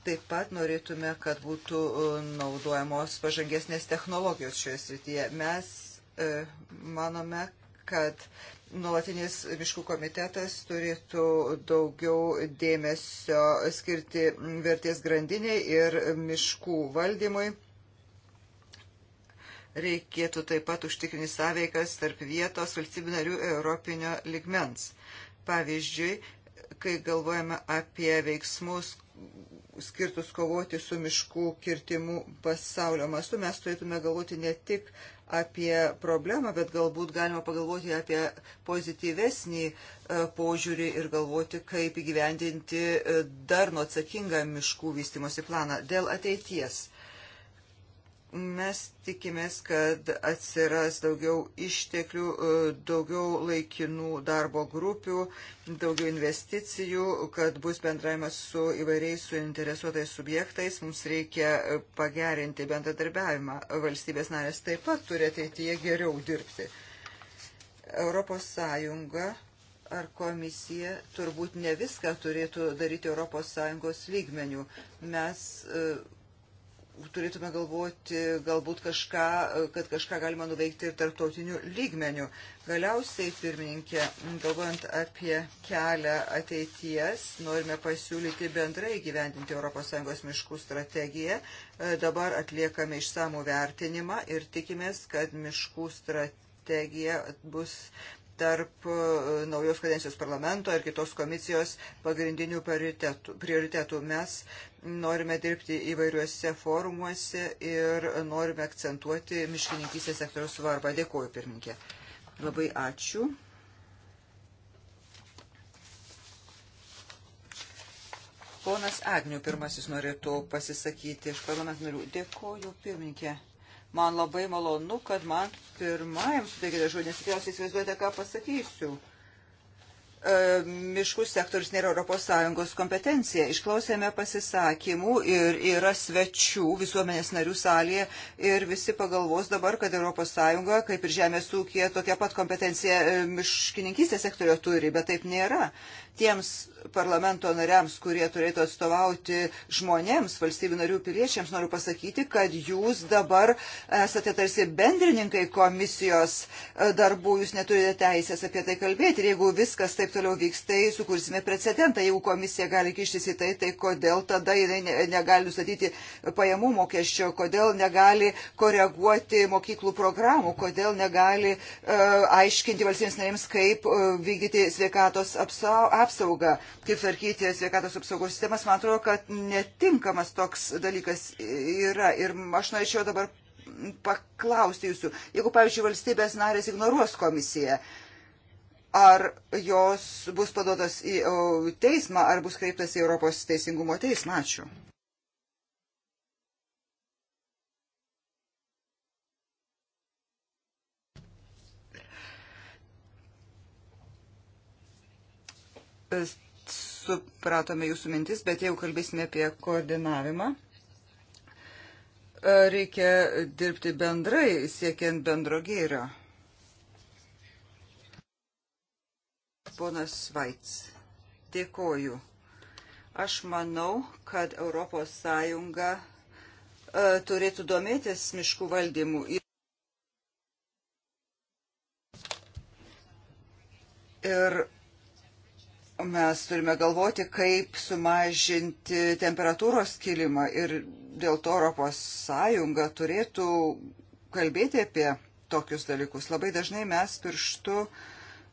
Taip pat norėtume, kad būtų e, naudojamos pažangesnės technologijos šioje srityje. Mes e, manome, kad nuolatinis miškų komitetas turėtų daugiau dėmesio skirti vertės grandiniai ir miškų valdymui. Reikėtų taip pat užtikrinti sąveikas tarp vietos valstybių narių europinio ligmens. Pavyzdžiui, kai galvojame apie veiksmus skirtus kovoti su miškų kirtimu pasaulio mastu, mes turėtume galvoti ne tik apie problemą, bet galbūt galima pagalvoti apie pozityvesnį e, požiūrį ir galvoti, kaip įgyvendinti e, dar nuo atsakingą miškų vystimosi planą dėl ateities. Mes tikimės, kad atsiras daugiau išteklių, e, daugiau laikinų darbo grupių, daugiau investicijų, kad bus bendravimas su įvairiais suinteresuotais subjektais. Mums reikia pagerinti bendradarbiavimą. Valstybės narės taip pat turi ateityje geriau dirbti. Europos Sąjunga ar komisija turbūt ne viską turėtų daryti Europos Sąjungos lygmenių. Mes uh, turėtume galvoti galbūt kažką, kad kažką galima nuveikti ir tarptautiniu lygmeniu. Galiausiai, pirmininkė, galvojant apie kelią ateities, norime pasiūlyti bendrai gyvendinti ES miškų strategiją. Dabar atliekame išsamų vertinimą ir tikimės, kad miškų strategija bus tarp e, naujos kadencijos parlamento ir kitos komisijos pagrindinių prioritetų. Mes norime dirbti įvairiuose forumuose ir norime akcentuoti miškininkystės sektoriaus svarbą. Dėkuoju, pirmininkė. Labai ačiū. Ponas Agnių pirmasis norėtų pasisakyti iš parlamentų narių. Dėkuoju, pirmininkė. Man labai malonu, kad man pirmajam suteikite žodį, nes tikriausiai įsivaizduojate, ką pasakysiu. E, miškų sektorius nėra ES kompetencija. Išklausėme pasisakymų ir yra svečių visuomenės narių salėje ir visi pagalvos dabar, kad ES, kaip ir žemės ūkija, tokia pat kompetencija e, miškininkystės sektorio turi, bet taip nėra tiems parlamento nariams, kurie turėtų atstovauti žmonėms, valstybių narių piliečiams, noriu pasakyti, kad jūs dabar esate tarsi bendrininkai komisijos e, darbų, jūs neturite teisės apie tai kalbėti. Ir jeigu viskas taip toliau vyks, tai sukursime precedentą. Jeigu komisija gali kištis į tai, tai kodėl tada jinai negali nustatyti pajamų mokesčio, kodėl negali koreguoti mokyklų programų, kodėl negali uh, aiškinti valstybės narėms, kaip uh, vykdyti sveikatos apsaugą apsaugą, kaip tvarkyti sveikatos apsaugos sistemas, man atrodo, kad netinkamas toks dalykas yra. Ir aš norėčiau dabar paklausti jūsų, jeigu, pavyzdžiui, valstybės narės ignoruos komisiją, ar jos bus paduotos į teismą, ar bus kreiptas į Europos teisingumo teismą. Ačiū. supratome jūsų mintis, bet jeigu kalbėsime apie koordinavimą, e, reikia dirbti bendrai, siekiant bendro gėrio. Ponas Vaits, dėkoju. Aš manau, kad Europos Sąjunga e, turėtų domėtis miškų valdymu. Ir mes turime galvoti, kaip sumažinti temperatūros kilimą ir dėl to Europos Sąjunga turėtų kalbėti apie tokius dalykus. Labai dažnai mes pirštu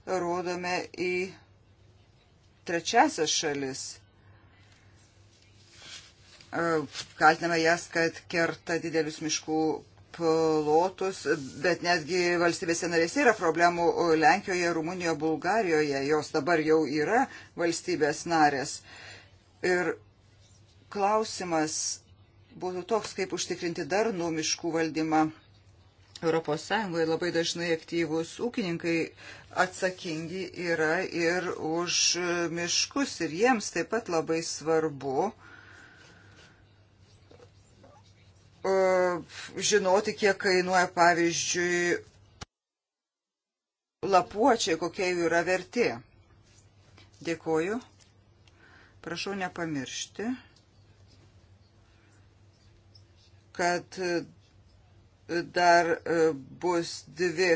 rodome į trečiasias šalis. Kaltiname jas, kad kerta didelius miškų plotus, bet netgi valstybėse narėse yra problemų Lenkijoje, Rumunijoje, Bulgarijoje, jos dabar jau yra valstybės narės. Ir klausimas būtų toks, kaip užtikrinti darnų miškų valdymą. Europos Sąjungoje labai dažnai aktyvūs ūkininkai atsakingi yra ir už miškus ir jiems taip pat labai svarbu uh, E, žinoti, kiek kainuoja, pavyzdžiui, lapuočiai, kokia jų yra vertė. Dėkoju. Prašau nepamiršti, kad dar e, bus dvi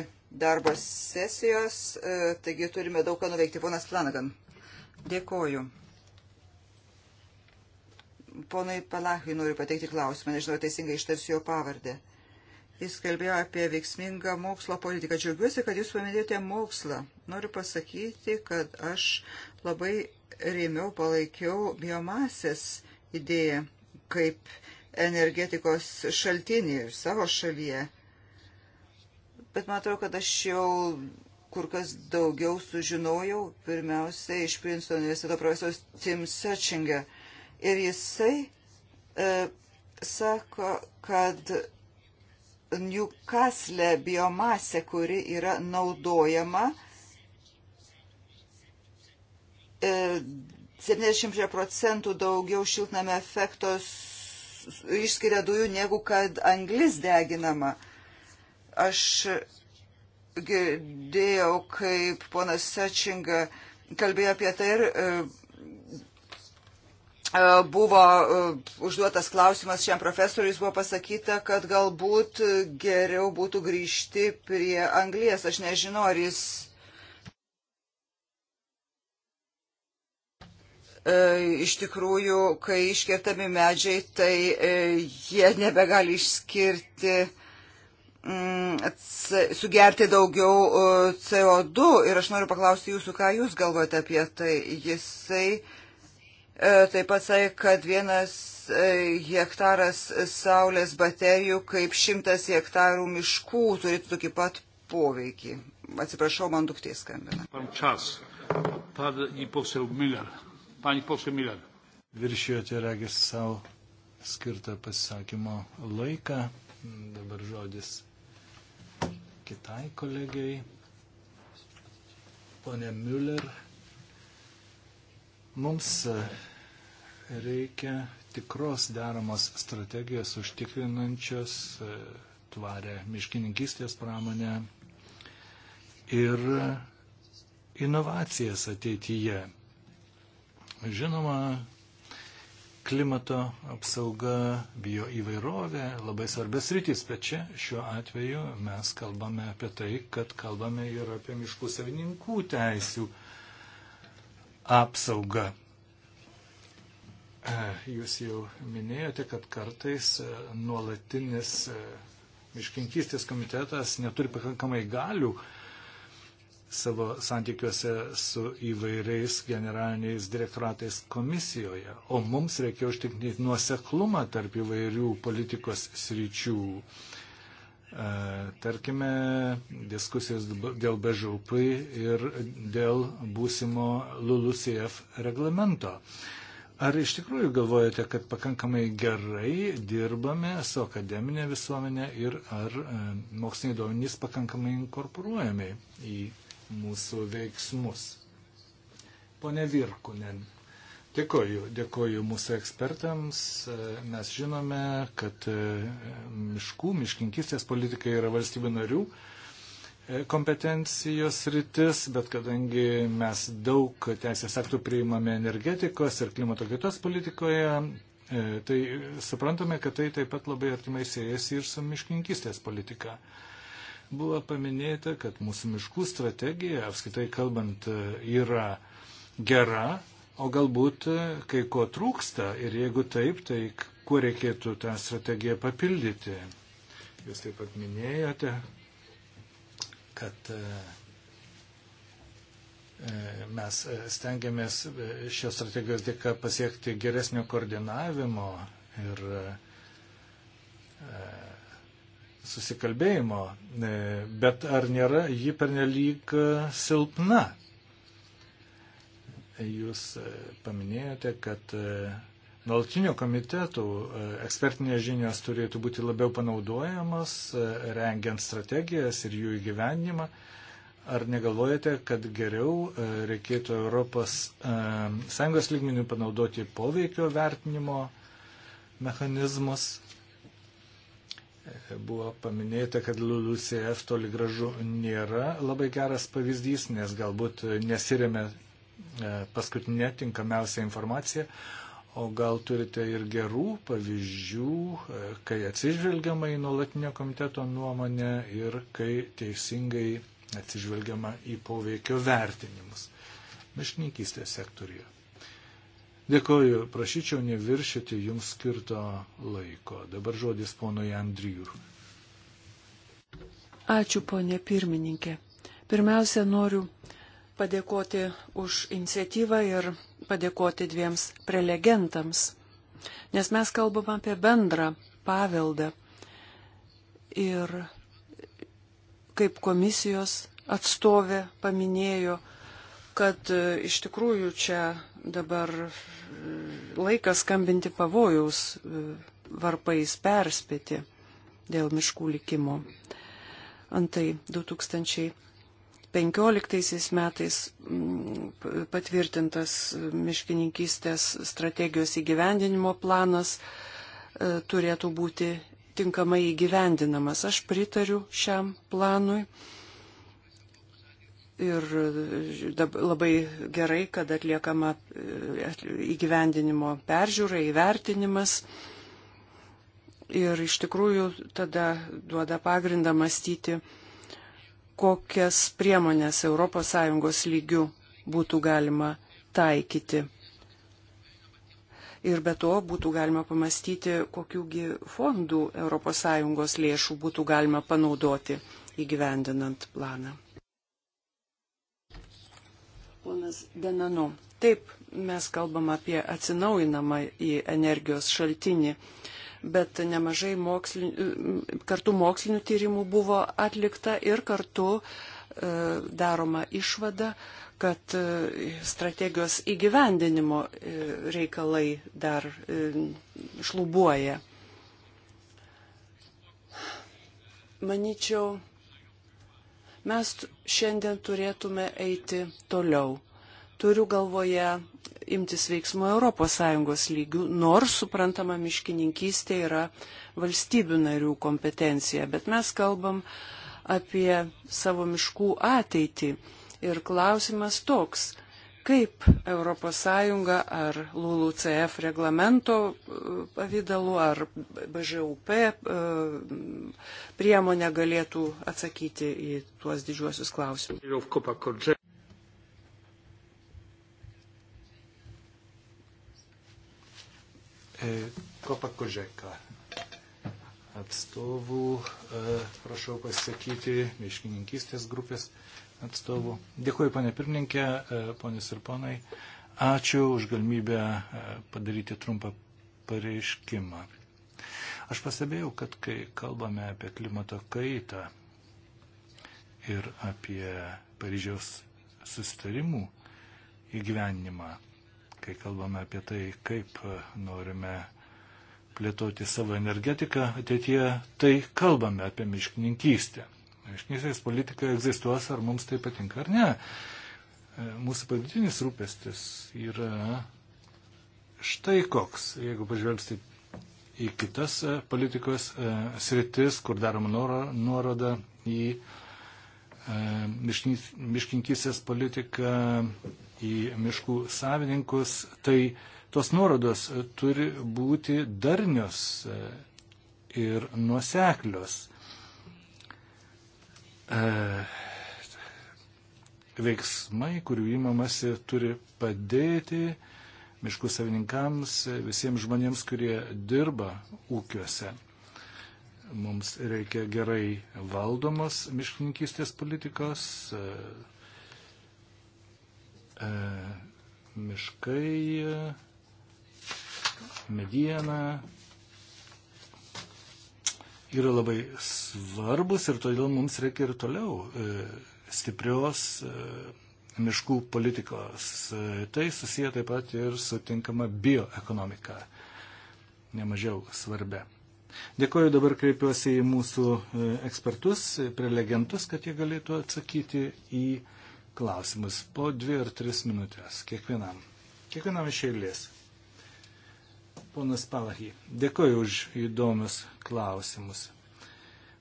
darbo sesijos, e, taigi turime daug ką nuveikti. Ponas Planagan, dėkoju ponai Palahui noriu pateikti klausimą, nežinau, teisingai ištarsiu jo pavardę. Jis kalbėjo apie veiksmingą mokslo politiką. Džiaugiuosi, kad jūs paminėjote mokslą. Noriu pasakyti, kad aš labai rėmiau, palaikiau biomasės idėją kaip energetikos šaltinį ir savo šalyje. Bet man atrodo, kad aš jau kur kas daugiau sužinojau, pirmiausia, iš Princeton universiteto profesoriaus Tim Setchinger. Ir jisai e, sako, kad Newcastle biomasė, kuri yra naudojama, e, 70 procentų daugiau šiltname efekto išskiria dujų negu kad anglis deginama. Aš girdėjau, kaip ponas Sečinga kalbėjo apie tai ir e, E, buvo e, užduotas klausimas šiam profesoriui, buvo pasakyta, kad galbūt geriau būtų grįžti prie anglies. Aš nežinau, ar jis e, iš tikrųjų, kai iškertami medžiai, tai jie nebegali išskirti, mm, sugerti daugiau CO2. Ir aš noriu paklausti jūsų, ką jūs galvojate apie tai. Jisai E, taip pat sakė, kad vienas e, hektaras saulės baterijų kaip šimtas hektarų miškų turėtų tokį pat poveikį. Atsiprašau, man duktė skambina. Viršijote regis savo skirtą pasisakymo laiką. Dabar žodis kitai kolegijai. Pone Müller. Mums e, reikia tikros deramos strategijos užtikrinančios e, tvarę miškininkystės pramonę ir inovacijas ateityje. Žinoma, klimato apsauga, bioįvairovė labai svarbės rytis, bet čia šiuo atveju mes kalbame apie tai, kad kalbame ir apie miškų savininkų teisių apsaugą. E, jūs jau minėjote, kad kartais e, nuolatinis e, miškinkystės komitetas neturi pakankamai galių savo santykiuose su įvairiais generaliniais direktoratais komisijoje, o mums reikia užtikrinti nuoseklumą tarp įvairių politikos sričių. Uh, E, tarkime, diskusijos dėl BŽUP ir dėl būsimo LULUCF reglamento. Ar iš tikrųjų galvojate, kad pakankamai gerai dirbame su akademinė visuomenė ir ar e, moksliniai duomenys pakankamai inkorporuojami į mūsų veiksmus? Pone Virkunen. Dėkoju, dėkoju mūsų ekspertams. Mes žinome, kad e, miškų, miškinkistės politika yra valstybių narių e, kompetencijos rytis, bet kadangi mes daug teisės aktų priimame energetikos ir klimato kaitos politikoje, e, tai suprantame, kad tai taip pat labai artimai siejasi ir su miškinkistės politika. Buvo paminėta, kad mūsų miškų strategija, apskaitai kalbant, yra gera, o galbūt e, kai ko trūksta ir jeigu taip, tai kuo reikėtų tą strategiją papildyti. Jūs taip pat minėjote, kad e, e, mes stengiamės šios strategijos dėka pasiekti geresnio koordinavimo ir susikalbėjimo, bet ar nėra ji pernelyg silpna? jūs e, paminėjote, kad e, nuolatinio komitetų e, ekspertinės žinios turėtų būti labiau panaudojamos, rengiant strategijas ir jų įgyvendimą. Ar negalvojate, kad geriau reikėtų ES lygmenių panaudoti poveikio vertinimo mechanizmus? Buvo paminėta, kad LULUCF toli gražu nėra labai geras pavyzdys, nes galbūt nesiremia E, paskutinė tinkamiausia informacija. O gal turite ir gerų pavyzdžių, e, kai atsižvelgiama į nuolatinio komiteto nuomonę ir kai teisingai atsižvelgiama į poveikio vertinimus miškininkystės sektoriuje. Dėkoju, prašyčiau neviršyti jums skirto laiko. Dabar žodis ponui Andrijūr. Ačiū, ponė pirmininkė. Pirmiausia, noriu padėkoti už iniciatyvą ir padėkoti dviems prelegentams, nes mes kalbam apie bendrą paveldą ir kaip komisijos atstovė paminėjo, kad e, iš tikrųjų čia dabar laikas skambinti pavojaus e, varpais perspėti dėl miškų likimo. Antai 2000. 15 metais mm, patvirtintas miškininkystės strategijos įgyvendinimo planas e, turėtų būti tinkamai įgyvendinamas. Aš pritariu šiam planui ir e, labai gerai, kad atliekama e, įgyvendinimo peržiūra, įvertinimas. Ir iš tikrųjų tada duoda pagrindą mąstyti kokias priemonės ES lygių būtų galima taikyti. Ir be to būtų galima pamastyti, kokiųgi fondų ES lėšų būtų galima panaudoti įgyvendinant planą. Ponas Denano, taip, mes kalbam apie atsinaujinamą į energijos šaltinį. Uh, bet nemažai mokslin, kartu mokslinių tyrimų buvo atlikta ir kartu e, daroma išvada, kad e, strategijos įgyvendinimo e, reikalai dar šlubuoja. Maničiau, mes šiandien turėtume eiti toliau. Turiu galvoje imtis veiksmų ES lygių, nors suprantama miškininkystė yra valstybių narių kompetencija, bet mes kalbam apie savo miškų ateitį. Ir klausimas toks, kaip ES ar LULUCF reglamento uh, pavydalu ar BŽUP uh, priemonė galėtų atsakyti į tuos didžiuosius klausimus. Kopa Kožeka atstovų, e, prašau pasisakyti, miškininkystės grupės atstovų. Dėkuoju, ponė pirmininkė, e, ponės ir ponai. Ačiū už galimybę e, padaryti trumpą pareiškimą. Aš pastebėjau, kad kai kalbame apie klimato kaitą ir apie Paryžiaus susitarimų įgyvenimą, kai kalbame apie tai, kaip e, norime plėtoti savo energetiką ateityje, tai kalbame apie miškininkystę. Miškininkystės politika egzistuos, ar mums tai patinka ar ne. E, mūsų pagrindinis rūpestis yra štai koks, jeigu pažvelgsit į kitas e, politikos sritis, kur daroma nuoroda į miškinkysės politiką, į miškų savininkus, tai tos nuorodos turi būti darnios e, ir nuoseklios. E, veiksmai, kurių įmamasi, turi padėti miškų savininkams, e, visiems žmonėms, kurie dirba ūkiuose. Mums reikia gerai valdomos miškininkystės politikos, E, miškai, mediena yra labai svarbus ir todėl mums reikia ir toliau e, stiprios e, miškų politikos. Tai susiję taip pat ir su tinkama bioekonomika, nemažiau svarbia. Dėkoju, dabar kreipiuosi į mūsų ekspertus, prelegentus, kad jie galėtų atsakyti į klausimus po dvi ar tris minutės kiekvienam. Kiekvienam iš eilės. Ponas Palahy, dėkoju už įdomius klausimus.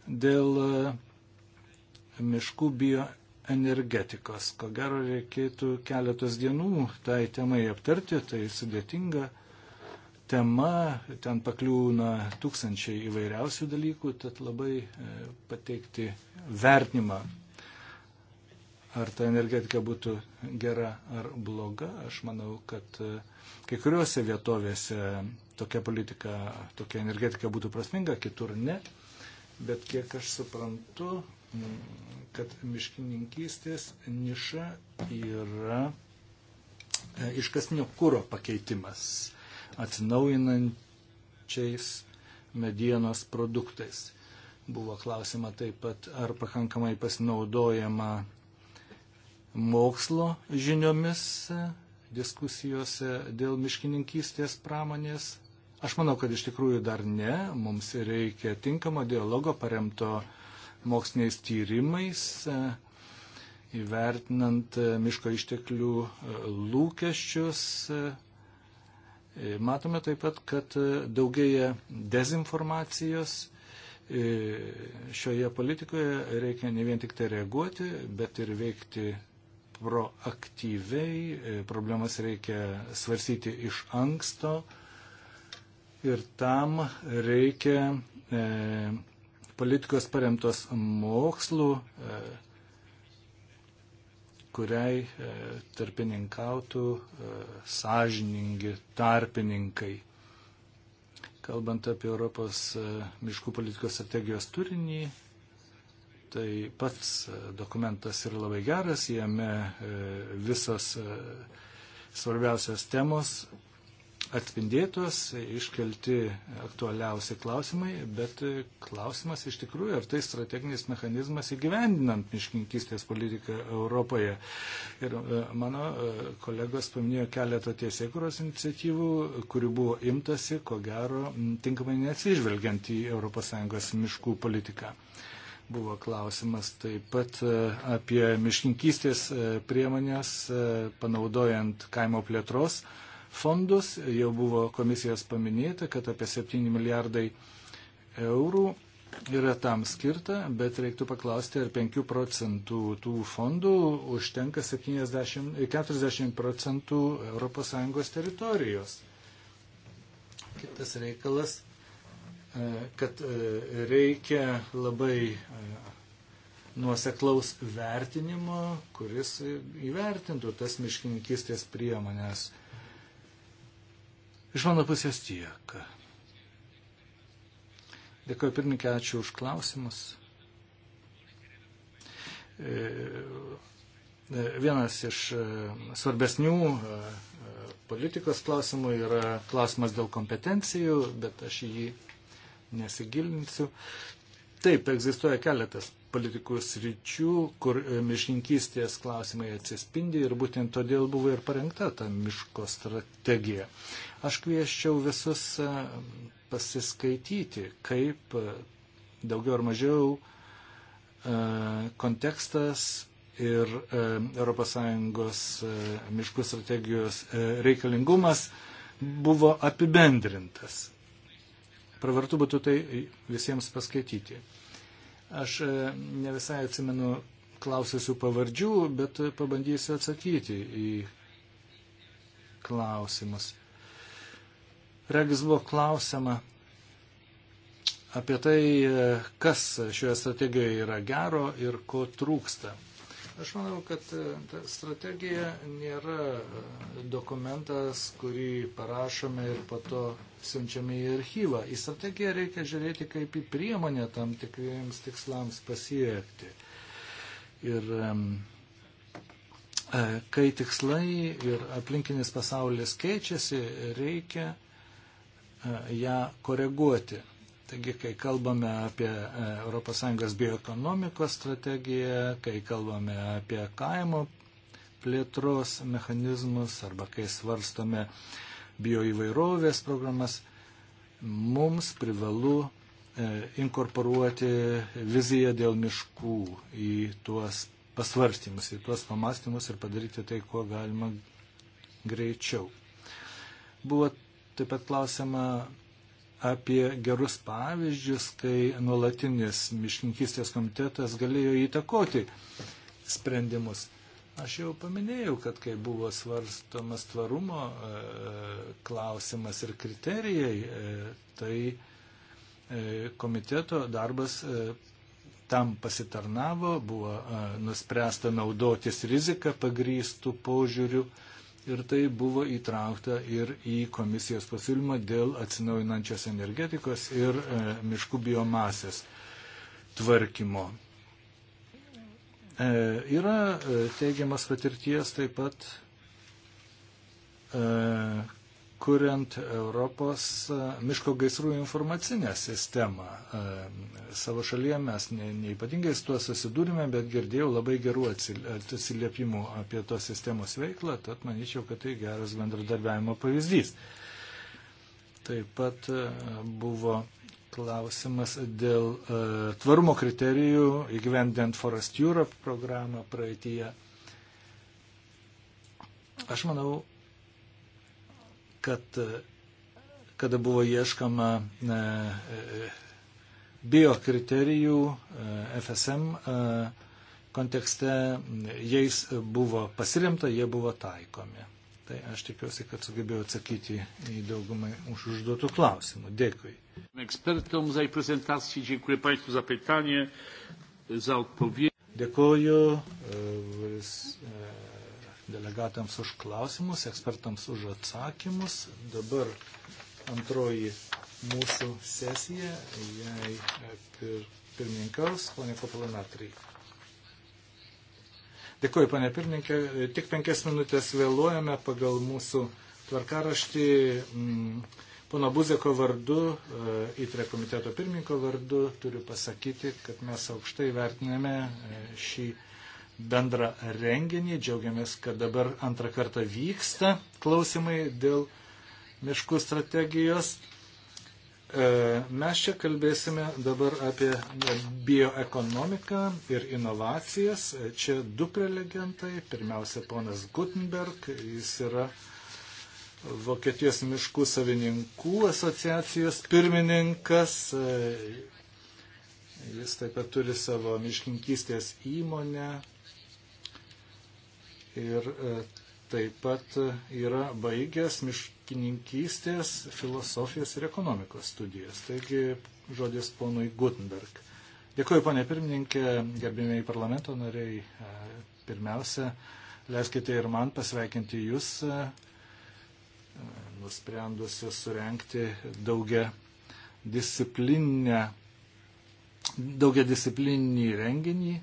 Dėl e, miškų bioenergetikos, ko gero reikėtų keletos dienų tai temai aptarti, tai sudėtinga tema, ten pakliūna tūkstančiai įvairiausių dalykų, tad labai e, pateikti vertinimą ar ta energetika būtų gera ar bloga, aš manau, kad e, kai kuriuose vietovėse tokia politika, tokia energetika būtų prasminga, kitur ne. Bet kiek aš suprantu, kad miškininkystės niša yra e, iškasnio kūro pakeitimas atsinaujinančiais medienos produktais. Buvo klausima taip pat, ar pakankamai pasinaudojama mokslo žiniomis e, diskusijose dėl miškininkystės pramonės. Aš manau, kad iš tikrųjų dar ne. Mums reikia tinkamo dialogo paremto moksliniais tyrimais, e, įvertinant e, miško išteklių lūkesčius. Matome taip pat, kad daugėja dezinformacijos. Šioje politikoje reikia ne vien tik tai reaguoti, bet ir veikti proaktyviai, e, problemas reikia svarstyti iš anksto ir tam reikia e, politikos paremtos mokslų, e, kuriai e, tarpininkautų e, sąžiningi tarpininkai. Kalbant apie Europos e, miškų politikos strategijos turinį, Tai pats e, dokumentas yra labai geras, jame e, visos e, svarbiausios temos atspindėtos, iškelti aktualiausi klausimai, bet klausimas iš tikrųjų, ar tai strateginis mechanizmas įgyvendinant miškinkistės politiką Europoje. Ir mano kolegos paminėjo keletą tiesiekuros iniciatyvų, kurių buvo imtasi, ko gero, tinkamai neatsižvelgiant į ES miškų politiką. Buvo klausimas taip pat e, apie miškinkystės e, priemonės, e, panaudojant kaimo plėtros fondus. Jau buvo komisijos paminėta, kad apie 7 milijardai eurų yra tam skirta, bet reiktų paklausti, ar 5 procentų tų fondų užtenka 70, 40 procentų ES teritorijos. Kitas reikalas kad e, reikia labai e, nuoseklaus vertinimo, kuris įvertintų tas miškininkistės priemonės. Iš mano pusės tiek. Dėkuoju pirmininkė, ačiū už klausimus. E, vienas iš svarbesnių politikos klausimų yra klausimas dėl kompetencijų, bet aš jį nesigilinsiu. Taip, egzistuoja keletas politikos ryčių, kur e, miškinkystės klausimai atsispindi ir būtent todėl buvo ir parengta ta miško strategija. Aš kvieščiau visus e, pasiskaityti, kaip e, daugiau ar mažiau kontekstas ir ES miškų strategijos reikalingumas buvo apibendrintas. Pravartu būtų tai visiems paskaityti. Aš e, ne visai atsimenu klausiusių pavardžių, bet pabandysiu atsakyti į klausimus. Regis buvo klausima apie tai, e, kas šioje strategijoje yra gero ir ko trūksta. Aš manau, kad e, ta strategija nėra e, dokumentas, kurį parašome ir po to siunčiame į archyvą. Į strategiją reikia žiūrėti kaip į priemonę tam tikriems tikslams pasiekti. Ir e, kai tikslai ir aplinkinis pasaulis keičiasi, reikia ją koreguoti. Taigi, kai kalbame apie e, ES bioekonomikos strategiją, kai kalbame apie kaimo plėtros mechanizmus arba kai svarstome bioįvairovės programas, mums privalu e, inkorporuoti viziją dėl miškų į tuos pasvarstymus, į tuos pamastymus ir padaryti tai, kuo galima greičiau. Buvo taip pat klausima apie gerus pavyzdžius, kai nuolatinis miškinkistės komitetas galėjo įtakoti sprendimus. Aš jau paminėjau, kad kai buvo svarstomas tvarumo e, klausimas ir kriterijai, e, tai e, komiteto darbas tam pasitarnavo, buvo nuspręsta naudotis riziką pagrįstų požiūrių ir tai buvo įtraukta ir į komisijos pasiūlymą dėl atsinaujinančios energetikos ir e, miškų biomasės tvarkymo. E, yra e, teigiamas patirties taip pat, e, kuriant Europos e, miško gaisrų informacinę sistemą. E, savo šalyje mes neipatingai su tuo susidūrime, bet girdėjau labai gerų atsiliepimų apie tos sistemos veiklą, tad manyčiau, kad tai geras bendradarbiavimo pavyzdys. Taip pat e, buvo klausimas dėl tvarumo kriterijų įgyvendinant Forest Europe programą praeitįje. Aš manau, kad kada buvo ieškama e, e, biokriterijų e, FSM kontekste, jais buvo pasiremta, jie buvo taikomi. Tai aš tikiuosi, kad sugebėjau atsakyti į daugumą už užduotų klausimų. Dėkui. Ekspertom za prezentaciją, dėkui Państwu za pytanie, za odpowiedź. Dėkoju. Uh, delegatams už klausimus, ekspertams už atsakymus. Dabar antroji mūsų sesija, jai e, pir, pirmininkaus, ponė Kopalanatrai. Dėkuoju, ponė pirmininkė, tik penkias minutės vėluojame pagal mūsų tvarkaraštį. Mm, Pono Buzeko vardu, e, įtre komiteto pirmininko vardu, turiu pasakyti, kad mes aukštai vertiname e, šį bendrą renginį. Džiaugiamės, kad dabar antrą kartą vyksta klausimai dėl miškų strategijos. E, mes čia kalbėsime dabar apie bioekonomiką ir inovacijas. E, čia du prelegentai. Pirmiausia, ponas Gutenberg. Jis yra Vokietijos miškų savininkų asociacijos pirmininkas. E, jis taip pat turi savo miškinkystės įmonę ir e, taip pat e, yra baigęs miškininkystės, filosofijos ir ekonomikos studijas. Taigi žodis ponui Gutenberg. Dėkuoju, ponė pirmininkė, gerbėmiai parlamento nariai. E, pirmiausia, leiskite ir man pasveikinti jūs, nusprendusi surenkti daugia disciplininę daugia disciplininį renginį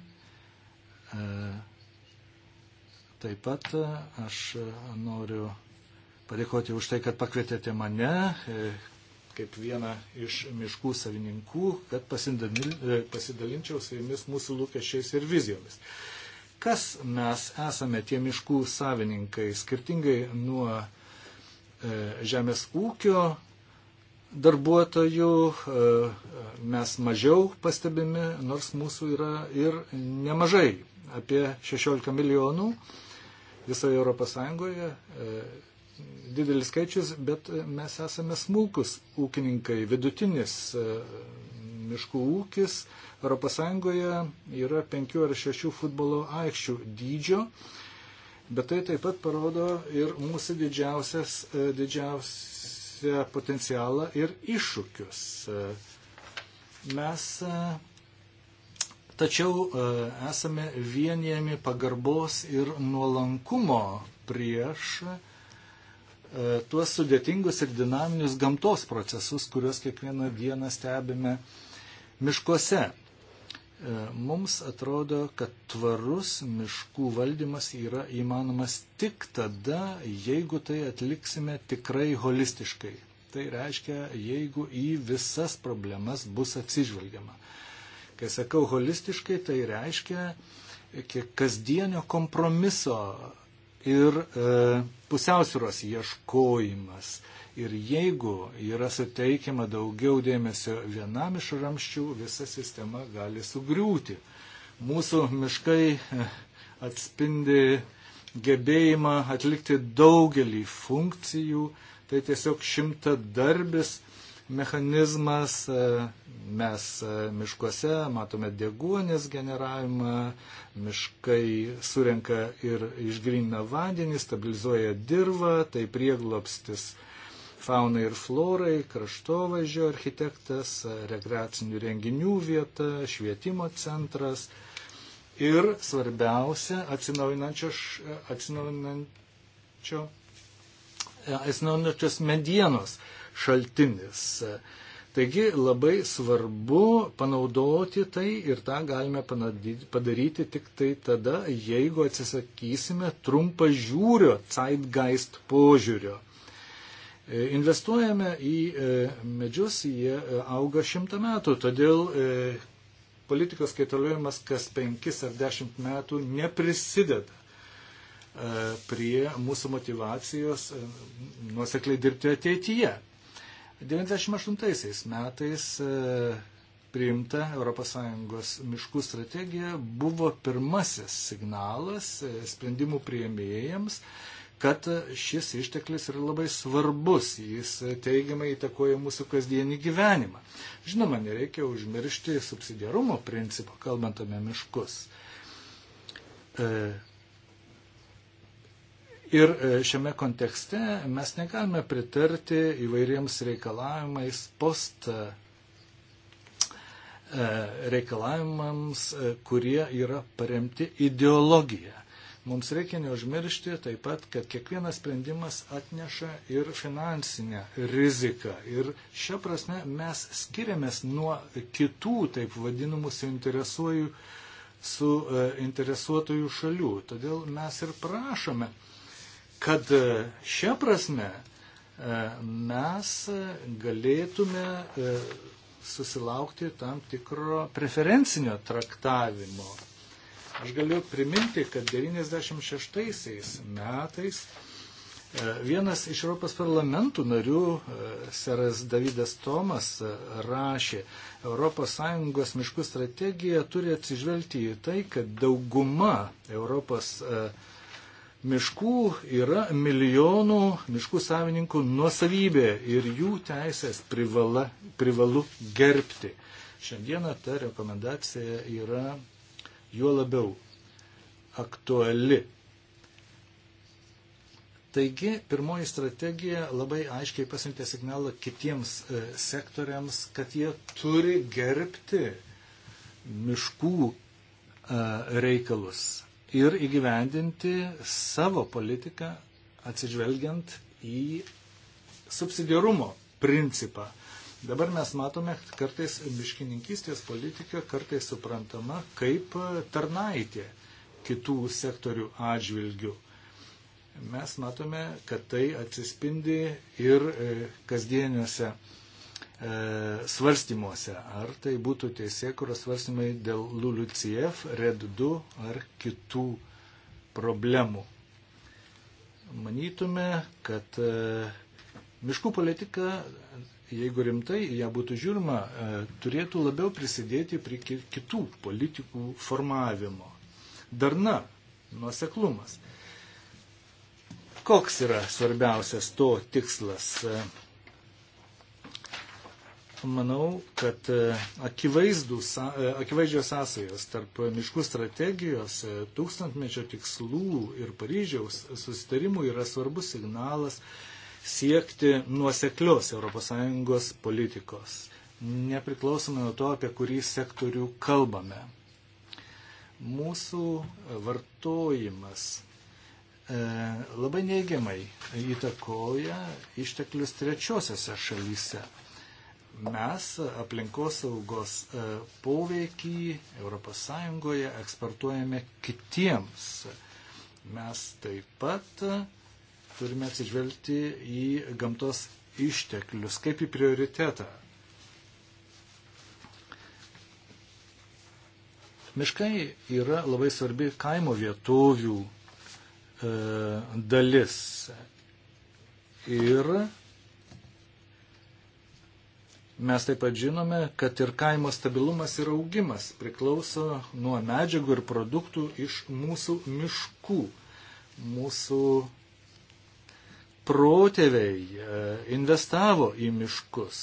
Taip pat e, aš e, noriu padėkoti už tai, kad pakvietėte mane e, kaip vieną iš miškų savininkų, kad pasidalinčiau su jumis mūsų lūkesčiais ir vizijomis. Kas mes esame tie miškų savininkai, skirtingai nuo žemės ūkio darbuotojų, mes mažiau pastebimi, nors mūsų yra ir nemažai, apie 16 milijonų visoje Europos Sąjungoje e, didelis skaičius, bet mes esame smulkus ūkininkai, vidutinis e, miškų ūkis Europos Sąjungoje yra penkių ar šešių futbolo aikščių dydžio. Bet tai taip pat parodo ir mūsų didžiausias, e, didžiausią potencialą ir iššūkius. Mes Tačiau e, esame vienijami pagarbos ir nuolankumo prieš e, tuos sudėtingus ir dinaminius gamtos procesus, kuriuos kiekvieną dieną stebime miškuose. E, mums atrodo, kad tvarus miškų valdymas yra įmanomas tik tada, jeigu tai atliksime tikrai holistiškai. Tai reiškia, jeigu į visas problemas bus atsižvelgiama. Kai sakau holistiškai, tai reiškia kasdienio kompromiso ir e, pusiausvyros ieškojimas. Ir jeigu yra suteikiama daugiau dėmesio vienam iš ramščių, visa sistema gali sugriūti. Mūsų miškai e, atspindi gebėjimą atlikti daugelį funkcijų, tai tiesiog šimta darbis mechanizmas. E, mes e, miškuose matome deguonės generavimą, miškai surenka ir išgrindina vandenį, stabilizuoja dirbą, tai prieglopstis faunai ir florai, kraštovaizdžio architektas, rekreacinių renginių vieta, švietimo centras ir svarbiausia atsinaujinančio e, atsinaujinančios medienos šaltinis. Taigi labai svarbu panaudoti tai ir tą galime padaryti tik tai tada, jeigu atsisakysime trumpa žiūrio zeitgeist požiūrio. E, investuojame į e, medžius, jie e, auga šimtą metų, todėl politikos kaitaliuojimas kas penkis ar dešimt metų neprisideda prie mūsų motivacijos nuosekliai dirbti ateityje. 1998 metais e, priimta ES miškų strategija buvo pirmasis signalas e, sprendimų prieimėjams, kad šis išteklis yra labai svarbus, jis teigiamai įtakoja mūsų kasdienį gyvenimą. Žinoma, nereikia užmiršti subsidiarumo principą, kalbant apie miškus. E, Ir e, šiame kontekste mes negalime pritarti įvairiems reikalavimais post e, e, reikalavimams, kurie yra paremti ideologija. Mums reikia neužmiršti taip pat, kad kiekvienas sprendimas atneša ir finansinę riziką. Ir šią prasme mes skiriamės nuo kitų taip vadinamų suinteresuotųjų šalių. Todėl mes ir prašome uh, kad e, šią prasme e, mes galėtume e, susilaukti tam tikro preferencinio traktavimo. Aš galiu priminti, kad 96 metais vienas iš Europos parlamentų narių, seras Davidas Tomas, rašė, ES miškų strategija turi atsižvelgti į tai, kad dauguma Europos uh, miškų yra milijonų miškų savininkų nuosavybė ir jų teisės privala, privalu gerbti. Šiandieną ta rekomendacija yra juo labiau aktuali. Taigi, pirmoji strategija labai aiškiai pasintė signalą kitiems e, sektoriams, kad jie turi gerbti miškų e, reikalus ir įgyvendinti savo politiką atsižvelgiant į subsidiarumo principą. Dabar mes matome, kad kartais miškininkystės politika kartais suprantama kaip tarnaitė kitų sektorių atžvilgių. Mes matome, kad tai atsispindi ir e, kasdieniuose E, svarstymuose, ar tai būtų teisėkuros svarstymai dėl LULUCF, RED2 ar kitų problemų. Manytume, kad e, miškų politika, jeigu rimtai ją būtų žiūrima, e, turėtų labiau prisidėti prie kitų politikų formavimo. Darna, nuoseklumas. Koks yra svarbiausias to tikslas? Manau, kad e, e, akivaizdžios sąsajos tarp miškų strategijos, e, tūkstantmečio tikslų ir Paryžiaus susitarimų yra svarbus signalas siekti nuoseklios ES politikos, nepriklausomai nuo to, apie kurį sektorių kalbame. Mūsų vartojimas labai neigiamai įtakoja išteklius trečiosiose šalyse mes aplinkosaugos e, poveikį ES eksportuojame kitiems. Mes taip pat turime atsižvelgti į gamtos išteklius kaip į prioritetą. Miškai yra labai svarbi kaimo vietovių e, dalis. Ir Mes taip pat žinome, kad ir kaimo stabilumas ir augimas priklauso nuo medžiagų ir produktų iš mūsų miškų. Mūsų protėviai e, investavo į miškus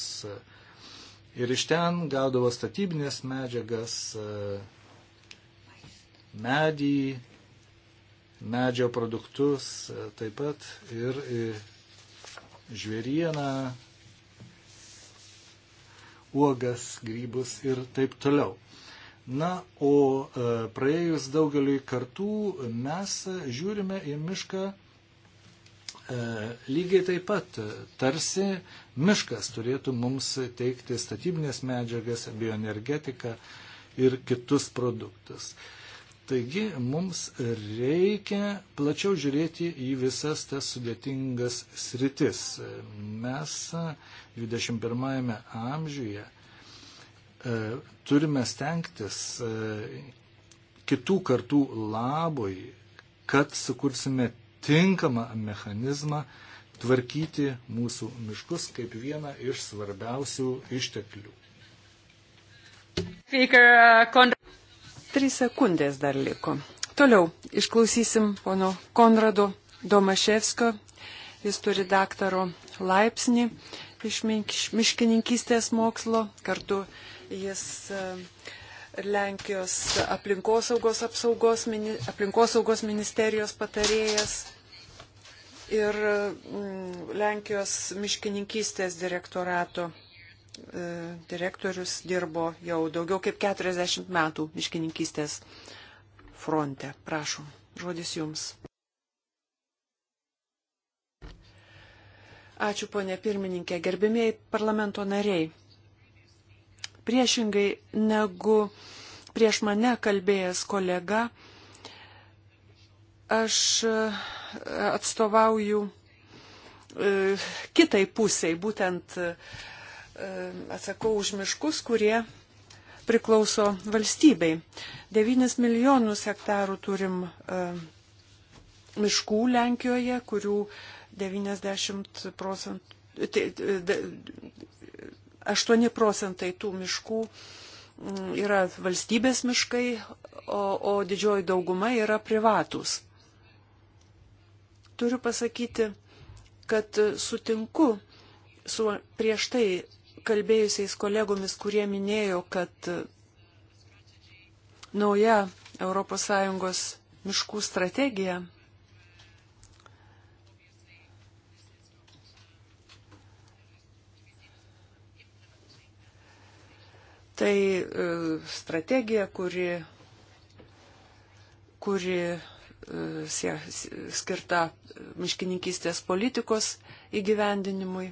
ir iš ten gaudavo statybinės medžiagas, e, medį, medžio produktus, e, taip pat ir žvėrieną, uogas, grybus ir taip toliau. Na, o e, praėjus daugeliui kartų mes žiūrime į mišką e, lygiai taip pat, tarsi miškas turėtų mums teikti statybinės medžiagas, bioenergetiką ir kitus produktus. E, Taigi mums reikia plačiau žiūrėti į visas tas sudėtingas sritis. Mes 21-ame amžiuje e, turime stengtis e, kitų kartų labui, kad sukursime tinkamą mechanizmą tvarkyti mūsų miškus kaip vieną iš svarbiausių išteklių. Speaker, uh, Trys sekundės dar liko. Toliau išklausysim pono Konrado Domaševskio. Jis turi daktaro laipsnį iš miškininkystės mokslo. Kartu jis e, Lenkijos aplinkosaugos, apsaugos, aplinkosaugos ministerijos patarėjas ir mm, Lenkijos miškininkystės direktorato E, direktorius dirbo jau daugiau kaip 40 metų miškininkystės fronte. Prašom, žodis jums. Ačiū, ponė pirmininkė, gerbimieji parlamento nariai. Priešingai negu prieš mane kalbėjęs kolega, aš e, atstovauju e, kitai pusiai, būtent uh, E, atsakau už miškus, kurie priklauso valstybei. 9 milijonus hektarų turim e, miškų Lenkijoje, kurių 90 procentų, 8 procentai tų miškų yra valstybės miškai, o, o didžioji dauguma yra privatus. Turiu pasakyti, kad sutinku su prieš tai kalbėjusiais kolegomis, kurie minėjo, kad nauja ES miškų strategija tai e, strategija, kuri, kuri e, skirta miškininkystės politikos įgyvendinimui.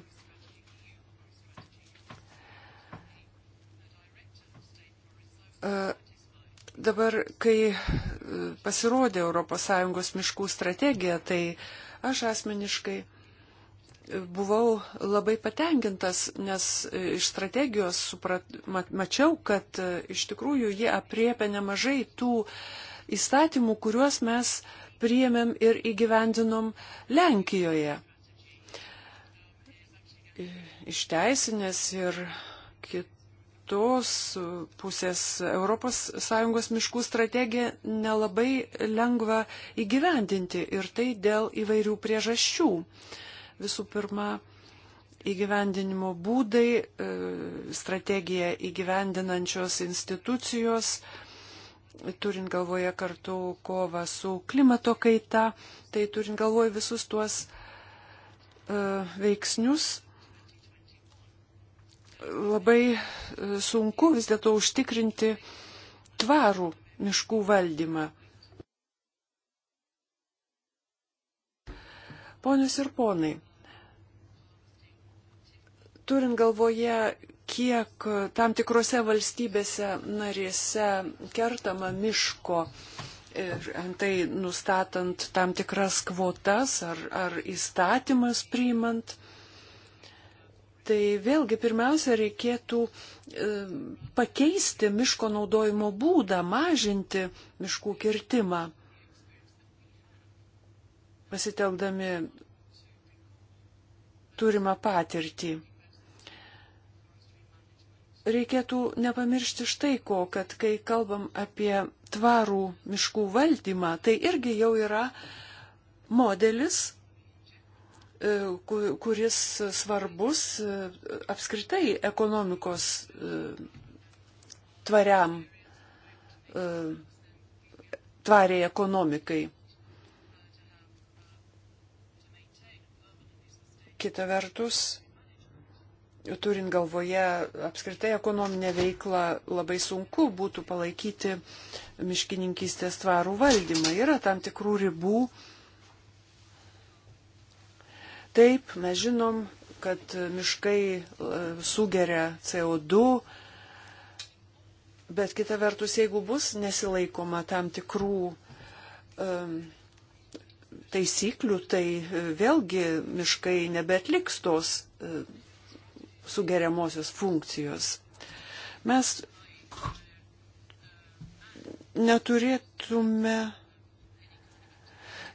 E, dabar, kai e, pasirodė ES miškų strategija, tai aš asmeniškai buvau labai patenkintas, nes e, iš strategijos suprat, mačiau, kad iš tikrųjų jie apriepia nemažai tų įstatymų, kuriuos mes priėmėm ir įgyvendinom Lenkijoje. Iš teisinės ir kit, kitos pusės ES miškų strategiją nelabai lengva įgyvendinti ir tai dėl įvairių priežasčių. Visų pirma, įgyvendinimo būdai, e, strategiją įgyvendinančios institucijos, turint galvoje kartu kovą su klimato kaita, tai turint galvoje visus tuos e, veiksnius, labai e, sunku vis dėlto užtikrinti tvarų miškų valdymą. Ponios ir ponai, turint galvoje, kiek tam tikrose valstybėse narėse kertama miško, ir antai nustatant tam tikras kvotas ar, ar įstatymas priimant, Tai vėlgi pirmiausia reikėtų e, pakeisti miško naudojimo būdą, mažinti miškų kirtimą, pasitelkdami turimą patirtį. Reikėtų nepamiršti štai ko, kad kai kalbam apie tvarų miškų valdymą, tai irgi jau yra modelis, E, kuris svarbus e, apskritai ekonomikos e, tvariam, tvariai ekonomikai. Kita vertus, turint galvoje apskritai ekonominę veiklą, labai sunku būtų palaikyti miškininkystės tvarų valdymą. Yra tam tikrų ribų, uh, Taip, mes žinom, kad miškai e, sugeria CO2, bet kita vertus, jeigu bus nesilaikoma tam tikrų um, taisyklių, tai e, vėlgi miškai nebetliks tos um, sugeriamosios funkcijos. Mes neturėtume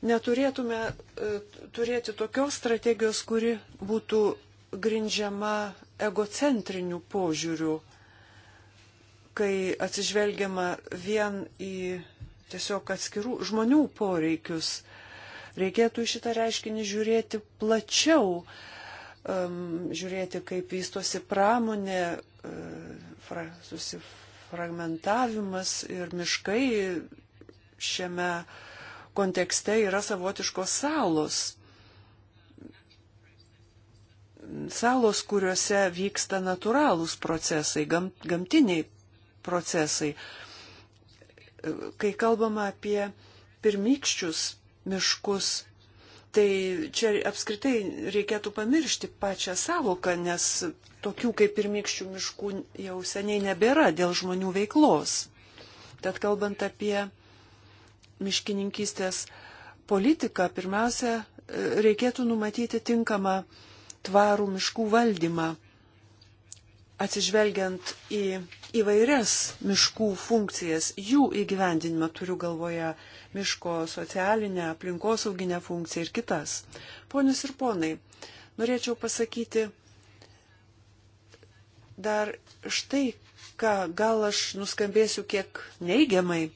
neturėtume e, turėti tokios strategijos, kuri būtų grindžiama egocentriniu požiūriu, kai atsižvelgiama vien į tiesiog atskirų žmonių poreikius. Reikėtų į šitą reiškinį žiūrėti plačiau, um, žiūrėti, kaip vystosi pramonė, uh, fra, susifragmentavimas ir miškai šiame uh, kontekste yra savotiškos salos. Salos, kuriuose vyksta natūralūs procesai, gam, gamtiniai procesai. Kai kalbama apie pirmykščius miškus, tai čia apskritai reikėtų pamiršti pačią savoką, nes tokių kaip pirmykščių miškų jau seniai nebėra dėl žmonių veiklos. Tad kalbant apie miškininkystės politiką, pirmiausia, reikėtų numatyti tinkamą tvarų miškų valdymą, atsižvelgiant į įvairias miškų funkcijas, jų įgyvendinimą turiu galvoje miško socialinę, aplinkosauginę funkciją ir kitas. Ponius ir ponai, norėčiau pasakyti dar štai, ką gal aš nuskambėsiu kiek neigiamai,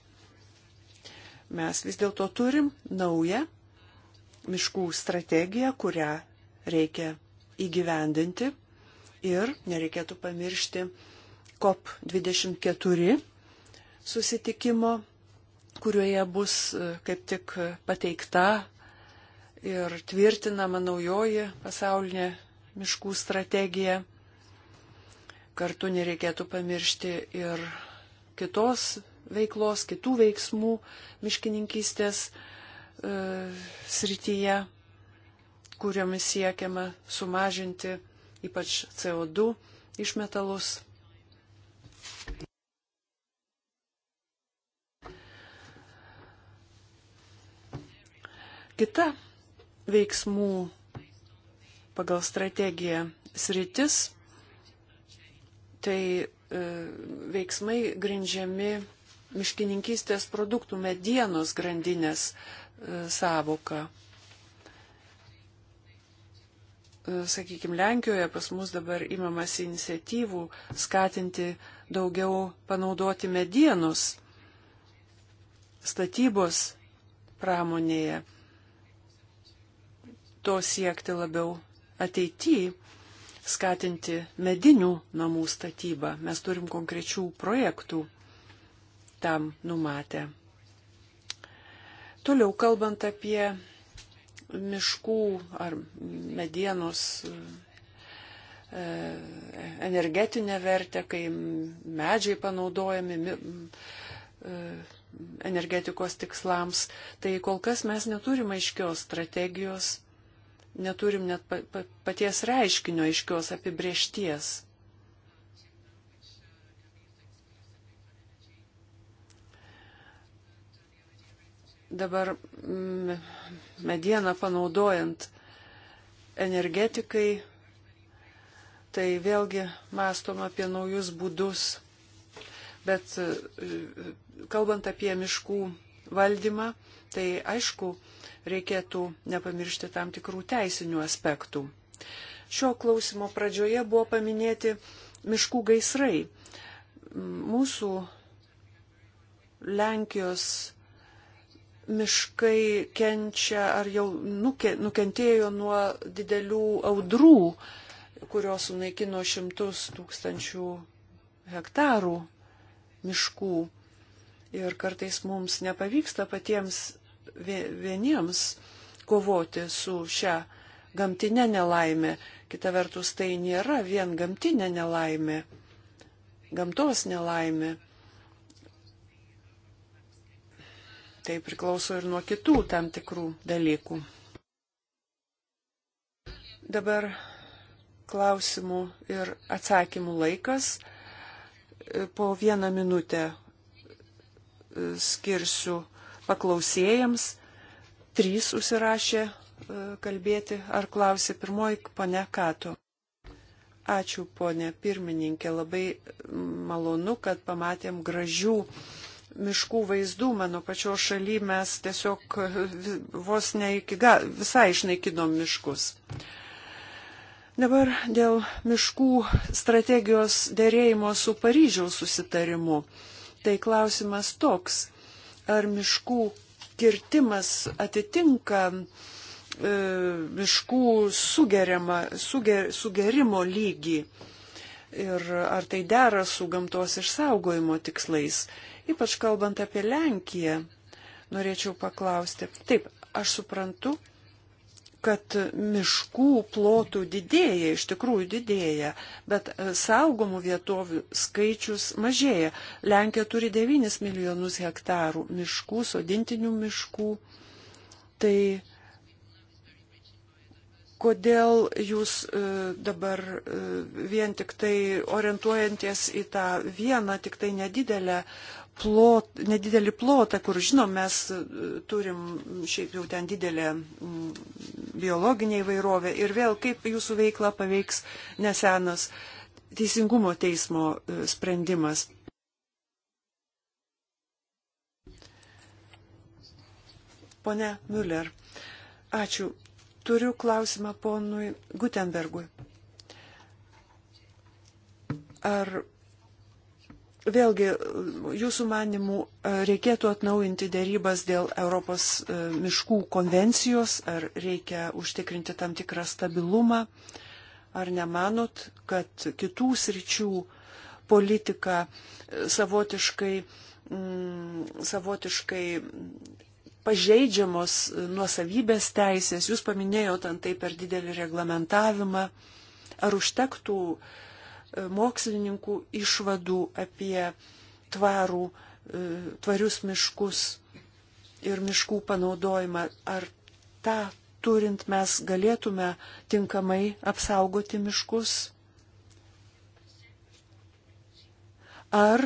mes vis dėlto turim naują miškų strategiją, kurią reikia įgyvendinti ir nereikėtų pamiršti COP24 susitikimo, kurioje bus e, kaip tik pateikta ir tvirtinama naujoji pasaulinė miškų strategija. Kartu nereikėtų pamiršti ir kitos veiklos, kitų veiksmų miškininkystės e, srityje, kuriomis siekiama sumažinti ypač CO2 išmetalus. Kita veiksmų pagal strategiją sritis, tai e, veiksmai grindžiami miškininkystės produktų medienos grandinės e, savoką. E, Sakykime, Lenkijoje pas mus dabar imamas iniciatyvų skatinti daugiau panaudoti medienos statybos pramonėje. To siekti labiau ateityje skatinti medinių namų statybą. Mes turim konkrečių projektų tam numatę. Toliau kalbant apie miškų ar medienos e, energetinę vertę, kai medžiai panaudojami e, energetikos tikslams, tai kol kas mes neturim aiškios strategijos, neturim net paties reiškinio aiškios apibriešties. dabar mm, medieną panaudojant energetikai, tai vėlgi mastom apie naujus būdus. Bet e, kalbant apie miškų valdymą, tai aišku, reikėtų nepamiršti tam tikrų teisinių aspektų. Šio klausimo pradžioje buvo paminėti miškų gaisrai. Mūsų Lenkijos miškai kenčia ar jau nukentėjo nuo didelių audrų, kurios sunaikino šimtus tūkstančių hektarų miškų. Ir kartais mums nepavyksta patiems vieniems kovoti su šia gamtinė nelaimė. Kita vertus, tai nėra vien gamtinė nelaimė, gamtos nelaimė. Tai priklauso ir nuo kitų tam tikrų dalykų. Dabar klausimų ir atsakymų laikas. Po vieną minutę e, skirsiu paklausėjams. Trys užsirašė e, kalbėti ar klausė pirmoji ponia Kato. Ačiū ponė pirmininkė, labai malonu, kad pamatėm gražių miškų vaizdų mano pačio šaly mes tiesiog vos ne iki gal, visai išnaikinom miškus. Dabar dėl miškų strategijos dėrėjimo su Paryžiaus susitarimu. Tai klausimas toks, ar miškų kirtimas atitinka e, miškų sugeriama, suger, sugerimo lygį ir ar tai dera su gamtos išsaugojimo tikslais. E, Ypač kalbant apie Lenkiją, norėčiau paklausti. Taip, aš suprantu, kad miškų plotų didėja, iš tikrųjų didėja, bet e, saugomų vietovių skaičius mažėja. Lenkija turi 9 milijonus hektarų miškų, sodintinių miškų. Tai kodėl jūs e, dabar e, vien tik tai orientuojanties į tą vieną, tik tai nedidelę plot, nedidelį plotą, kur, žinom, mes e, turim šiaip jau ten didelę biologinę įvairovę ir vėl kaip jūsų veikla paveiks nesenas teisingumo teismo e, sprendimas. Pone Müller, ačiū. Turiu klausimą ponui Gutenbergui. Ar vėlgi, jūsų manimų, e, reikėtų atnaujinti dėrybas dėl Europos e, miškų konvencijos, ar reikia užtikrinti tam tikrą stabilumą, ar nemanot, kad kitų sričių politika e, savotiškai, mm, savotiškai pažeidžiamos nuosavybės teisės, jūs paminėjote antai per didelį reglamentavimą, ar užtektų uh, mokslininkų išvadų apie tvarų, e, tvarius miškus ir miškų panaudojimą. Ar tą turint mes galėtume tinkamai apsaugoti miškus? Ar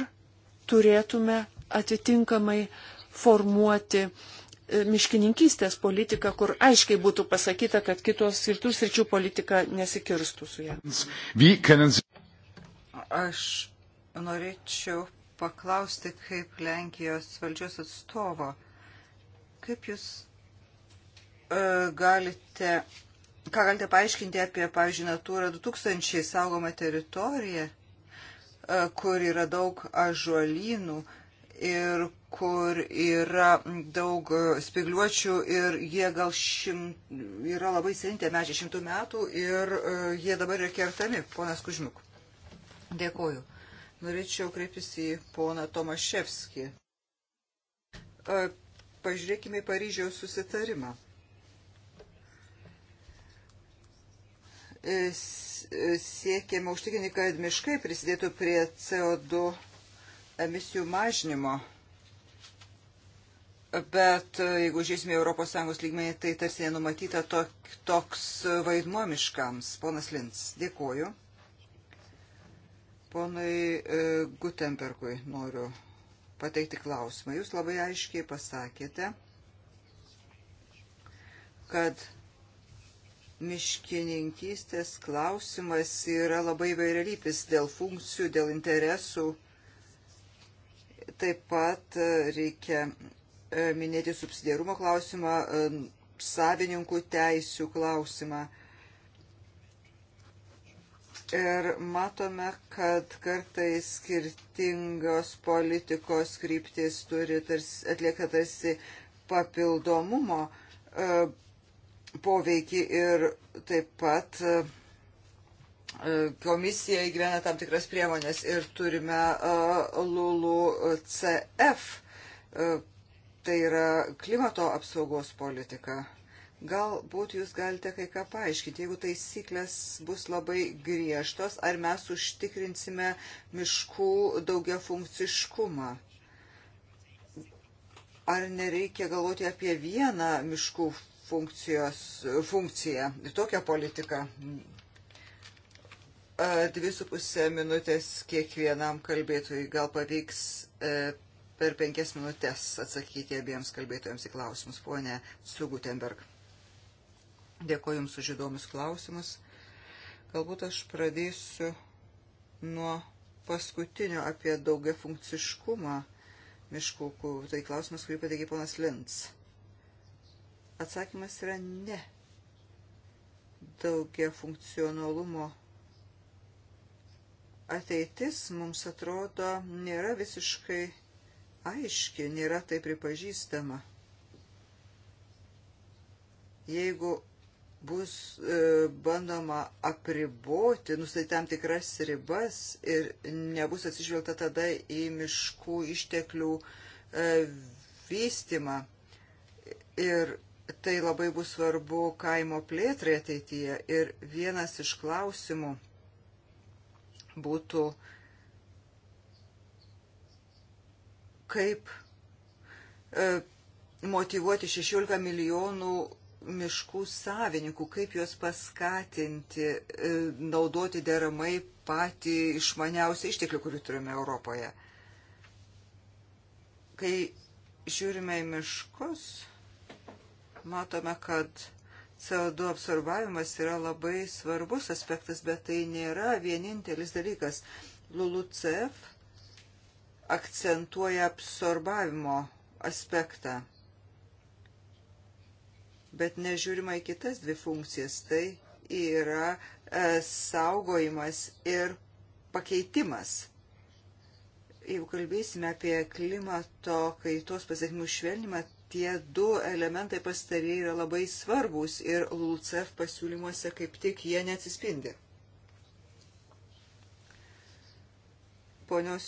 turėtume atitinkamai formuoti e, miškininkystės politiką, kur aiškiai būtų pasakyta, kad kitos ir tų sričių politika nesikirstų su ją. Aš norėčiau paklausti kaip Lenkijos valdžios atstovo, kaip jūs e, galite, ką galite paaiškinti apie, pavyzdžiui, Natūra 2000 saugomą teritoriją, e, kur yra daug ažuolynų ir kur yra daug e, spigliuočių ir jie gal šimt, yra labai seni tie medžiai šimtų metų ir e, jie dabar yra kertami, ponas Kužmiuk. Dėkoju. Norėčiau kreiptis į poną Tomaševskį. E, pažiūrėkime į Paryžiaus susitarimą. E, e, Siekiame užtikrinti, kad miškai prisidėtų prie CO2 emisijų mažinimo. Bet jeigu žiūrėsime Europos Sąjungos lygmenį, tai tarsi nenumatyta tok, toks vaidmuo miškams. Ponas Lins, dėkoju. Ponai e, Gutenbergui noriu pateikti klausimą. Jūs labai aiškiai pasakėte, kad miškininkystės klausimas yra labai vairialypis dėl funkcijų, dėl interesų. Taip pat e, reikia e, minėti subsidiarumo klausimą, savininkų teisių klausimą. Ir matome, kad kartais skirtingos politikos kryptis turi tarsi, atlieka tarsi papildomumo e, poveikį ir taip pat e, e komisija įgyvena tam tikras priemonės ir turime e, LULU CF, e, tai yra klimato apsaugos politika. Galbūt jūs galite kai ką paaiškinti, jeigu taisyklės bus labai griežtos, ar mes užtikrinsime miškų daugia funkciškumą. Ar nereikia galvoti apie vieną miškų funkcijos, funkciją ir tokią politiką? Dvi su pusė minutės kiekvienam kalbėtojui gal pavyks e, per penkias minutės atsakyti abiems kalbėtojams į klausimus, ponė Sugutenberg. Dėkoju Jums už įdomius klausimus. Galbūt aš pradėsiu nuo paskutinio apie daugia funkciškumą miškų. Tai klausimas, kurį pateikė ponas Lins. Atsakymas yra ne. Daugia funkcionalumo ateitis mums atrodo nėra visiškai aiški, nėra tai pripažįstama. Jeigu bus e, bandoma apriboti, nustatyti tam tikras ribas ir nebus atsižvelgta tada į miškų išteklių e, vystimą. Ir tai labai bus svarbu kaimo plėtrai ateityje. Ir vienas iš klausimų būtų, kaip e, motivuoti 16 milijonų miškų savininkų, kaip juos paskatinti e, naudoti deramai patį išmaniausią išteklių, kurį turime Europoje. Kai žiūrime į miškus, matome, kad CO2 absorbavimas yra labai svarbus aspektas, bet tai nėra vienintelis dalykas. LULUCF akcentuoja absorbavimo aspektą bet nežiūrima į kitas dvi funkcijas. Tai yra e, saugojimas ir pakeitimas. Jeigu kalbėsime apie klimato kaitos pasiekmių švelnimą, tie du elementai pastarėjai yra labai svarbus ir LULCEF pasiūlymuose kaip tik jie neatsispindi. Ponios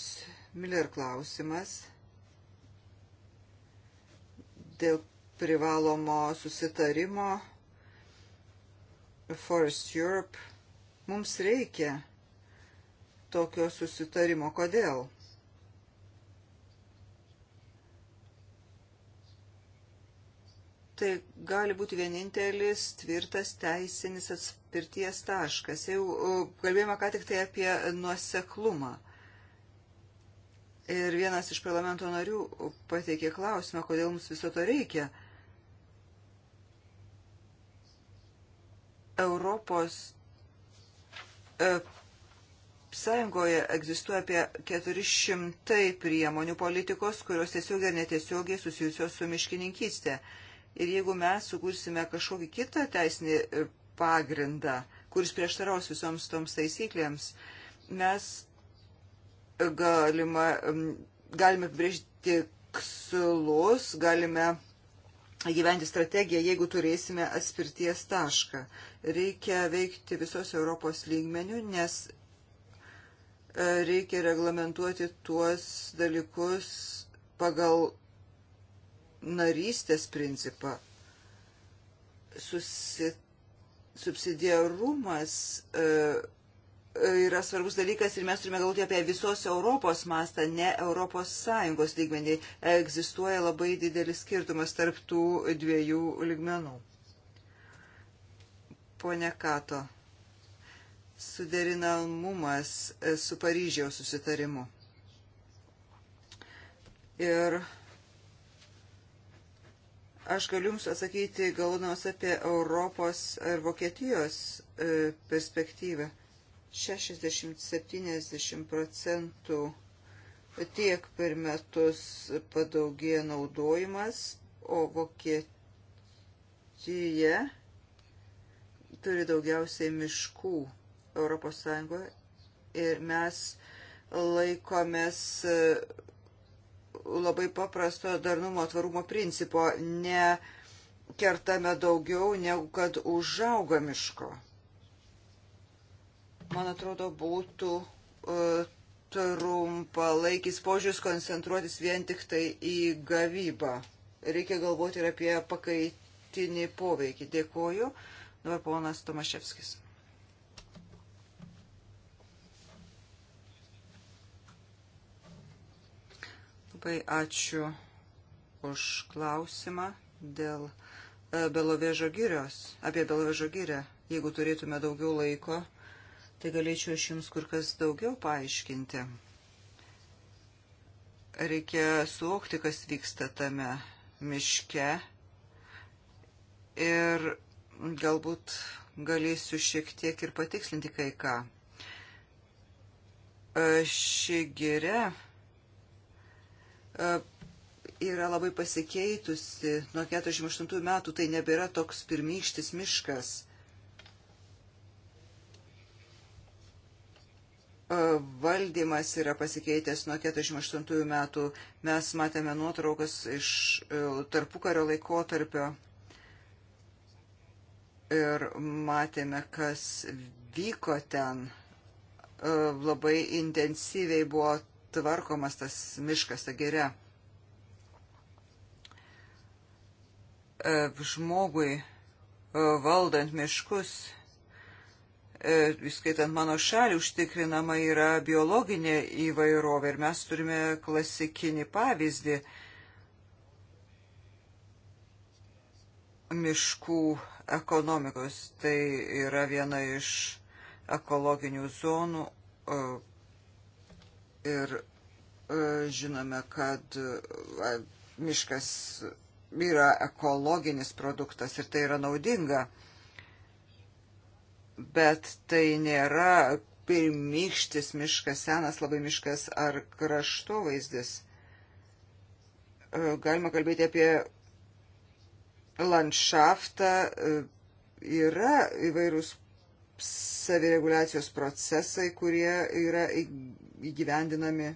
Miller klausimas dėl privalomo susitarimo Forest Europe. Mums reikia tokio susitarimo. Kodėl? tai gali būti vienintelis tvirtas teisinis atspirties taškas. Jau kalbėjome ką tik tai apie nuoseklumą. Ir vienas iš parlamento narių pateikė klausimą, kodėl mums viso to reikia. Europos e, Sąjungoje egzistuoja apie 400 priemonių politikos, kurios tiesiogiai ar netiesiogiai susijusios su miškininkystė. Ir jeigu mes sukursime kažkokį kitą teisinį e, pagrindą, kuris prieštaraus visoms toms taisyklėms, mes e, galima, galime apibrėžti tikslus, galime gyventi strategiją, jeigu turėsime atspirties tašką. Reikia veikti visos Europos lygmenių, nes e, reikia reglamentuoti tuos dalykus pagal narystės principą. Susi, subsidiarumas e, yra svarbus dalykas ir mes turime galvoti apie visos Europos mastą, ne Europos Sąjungos lygmenį. Egzistuoja labai didelis skirtumas tarp tų dviejų lygmenų. Pone Kato, suderinamumas e, su Paryžiaus susitarimu. Ir aš galiu Jums atsakyti galvodamas apie Europos ar Vokietijos e, perspektyvą. 60-70 procentų tiek per metus padaugėja naudojimas, o Vokietija turi daugiausiai miškų ES ir mes laikomės e, labai paprasto darnumo tvarumo principo, ne kertame daugiau negu kad užauga miško man atrodo, būtų e, trumpalaikis požiūris koncentruotis vien tik tai į gavybą. Reikia galvoti ir apie pakaitinį poveikį. Dėkoju. Dabar ponas Tomaševskis. Labai ačiū už klausimą dėl e, Belovežo girios, apie Belovežo gyrę. Jeigu turėtume daugiau laiko, tai galėčiau aš jums kur kas daugiau paaiškinti. Reikia suvokti, kas vyksta tame miške ir galbūt galėsiu šiek tiek ir patikslinti kai ką. E, ši gire e, yra labai pasikeitusi nuo 48 metų, tai nebėra toks pirmykštis miškas. valdymas yra pasikeitęs nuo 48 metų. Mes matėme nuotraukas iš e, tarpukario laikotarpio ir matėme, kas vyko ten. E, labai intensyviai buvo tvarkomas tas miškas, ta gėre. Žmogui e, valdant miškus E, įskaitant mano šalį, užtikrinama yra biologinė įvairovė ir mes turime klasikinį pavyzdį miškų ekonomikos. Tai yra viena iš ekologinių zonų e, ir e, žinome, kad miškas yra ekologinis produktas ir tai yra naudinga bet tai nėra pirmykštis miškas, senas labai miškas ar kraštovaizdis. E, galima kalbėti apie landšaftą, e, yra įvairūs savireguliacijos procesai, kurie yra įgyvendinami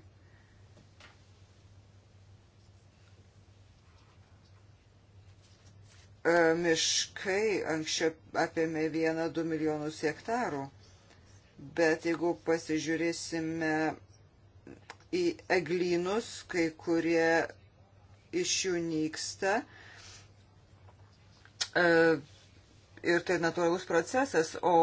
E, miškai anksčiau apėmė 1-2 milijonus hektarų. Bet jeigu pasižiūrėsime į eglynus, kai kurie iš jų nyksta, e, ir tai natūralus procesas, o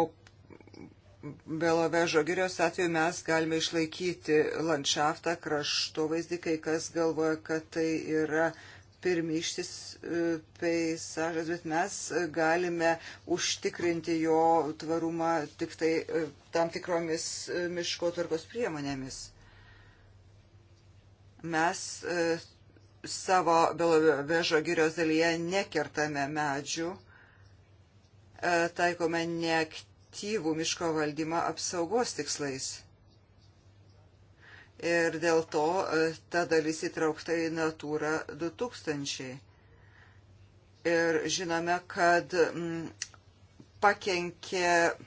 Belovežo girios atveju mes galime išlaikyti landšaftą, kraštovaizdį, kai kas galvoja, kad tai yra uh, pirmyštis e, peizažas, bet mes e, galime užtikrinti jo tvarumą tik tai e, tam tikromis miško tvarkos priemonėmis. Mes savo Belovežo girios dalyje nekertame medžių, taikome neaktyvų miško valdymą apsaugos tikslais ir dėl to e, ta dalis įtraukta į Natūra 2000. Ir žinome, kad m, mm, pakenkė m,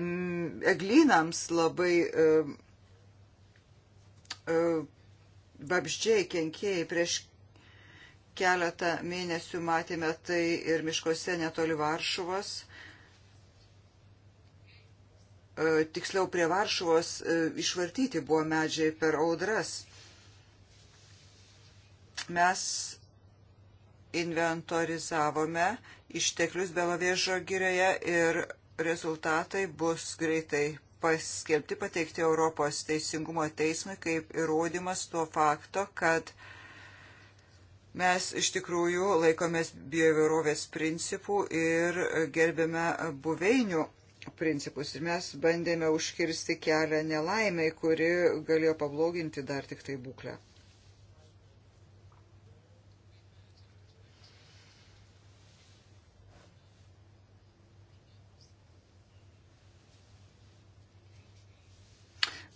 mm, eglynams labai m, e, babždžiai e, kenkėjai prieš keletą mėnesių matėme tai ir miškose netoli Varšuvos E, tiksliau prie Varšuvos e, išvartyti buvo medžiai per audras. Mes inventorizavome išteklius Belovėžo girioje ir rezultatai bus greitai paskelbti, pateikti Europos teisingumo teismui kaip įrodymas tuo fakto, kad mes iš tikrųjų laikomės bioįvairovės principų ir gerbėme buveinių principus ir mes bandėme užkirsti kelią nelaimiai, kuri galėjo pabloginti dar tik tai būklę.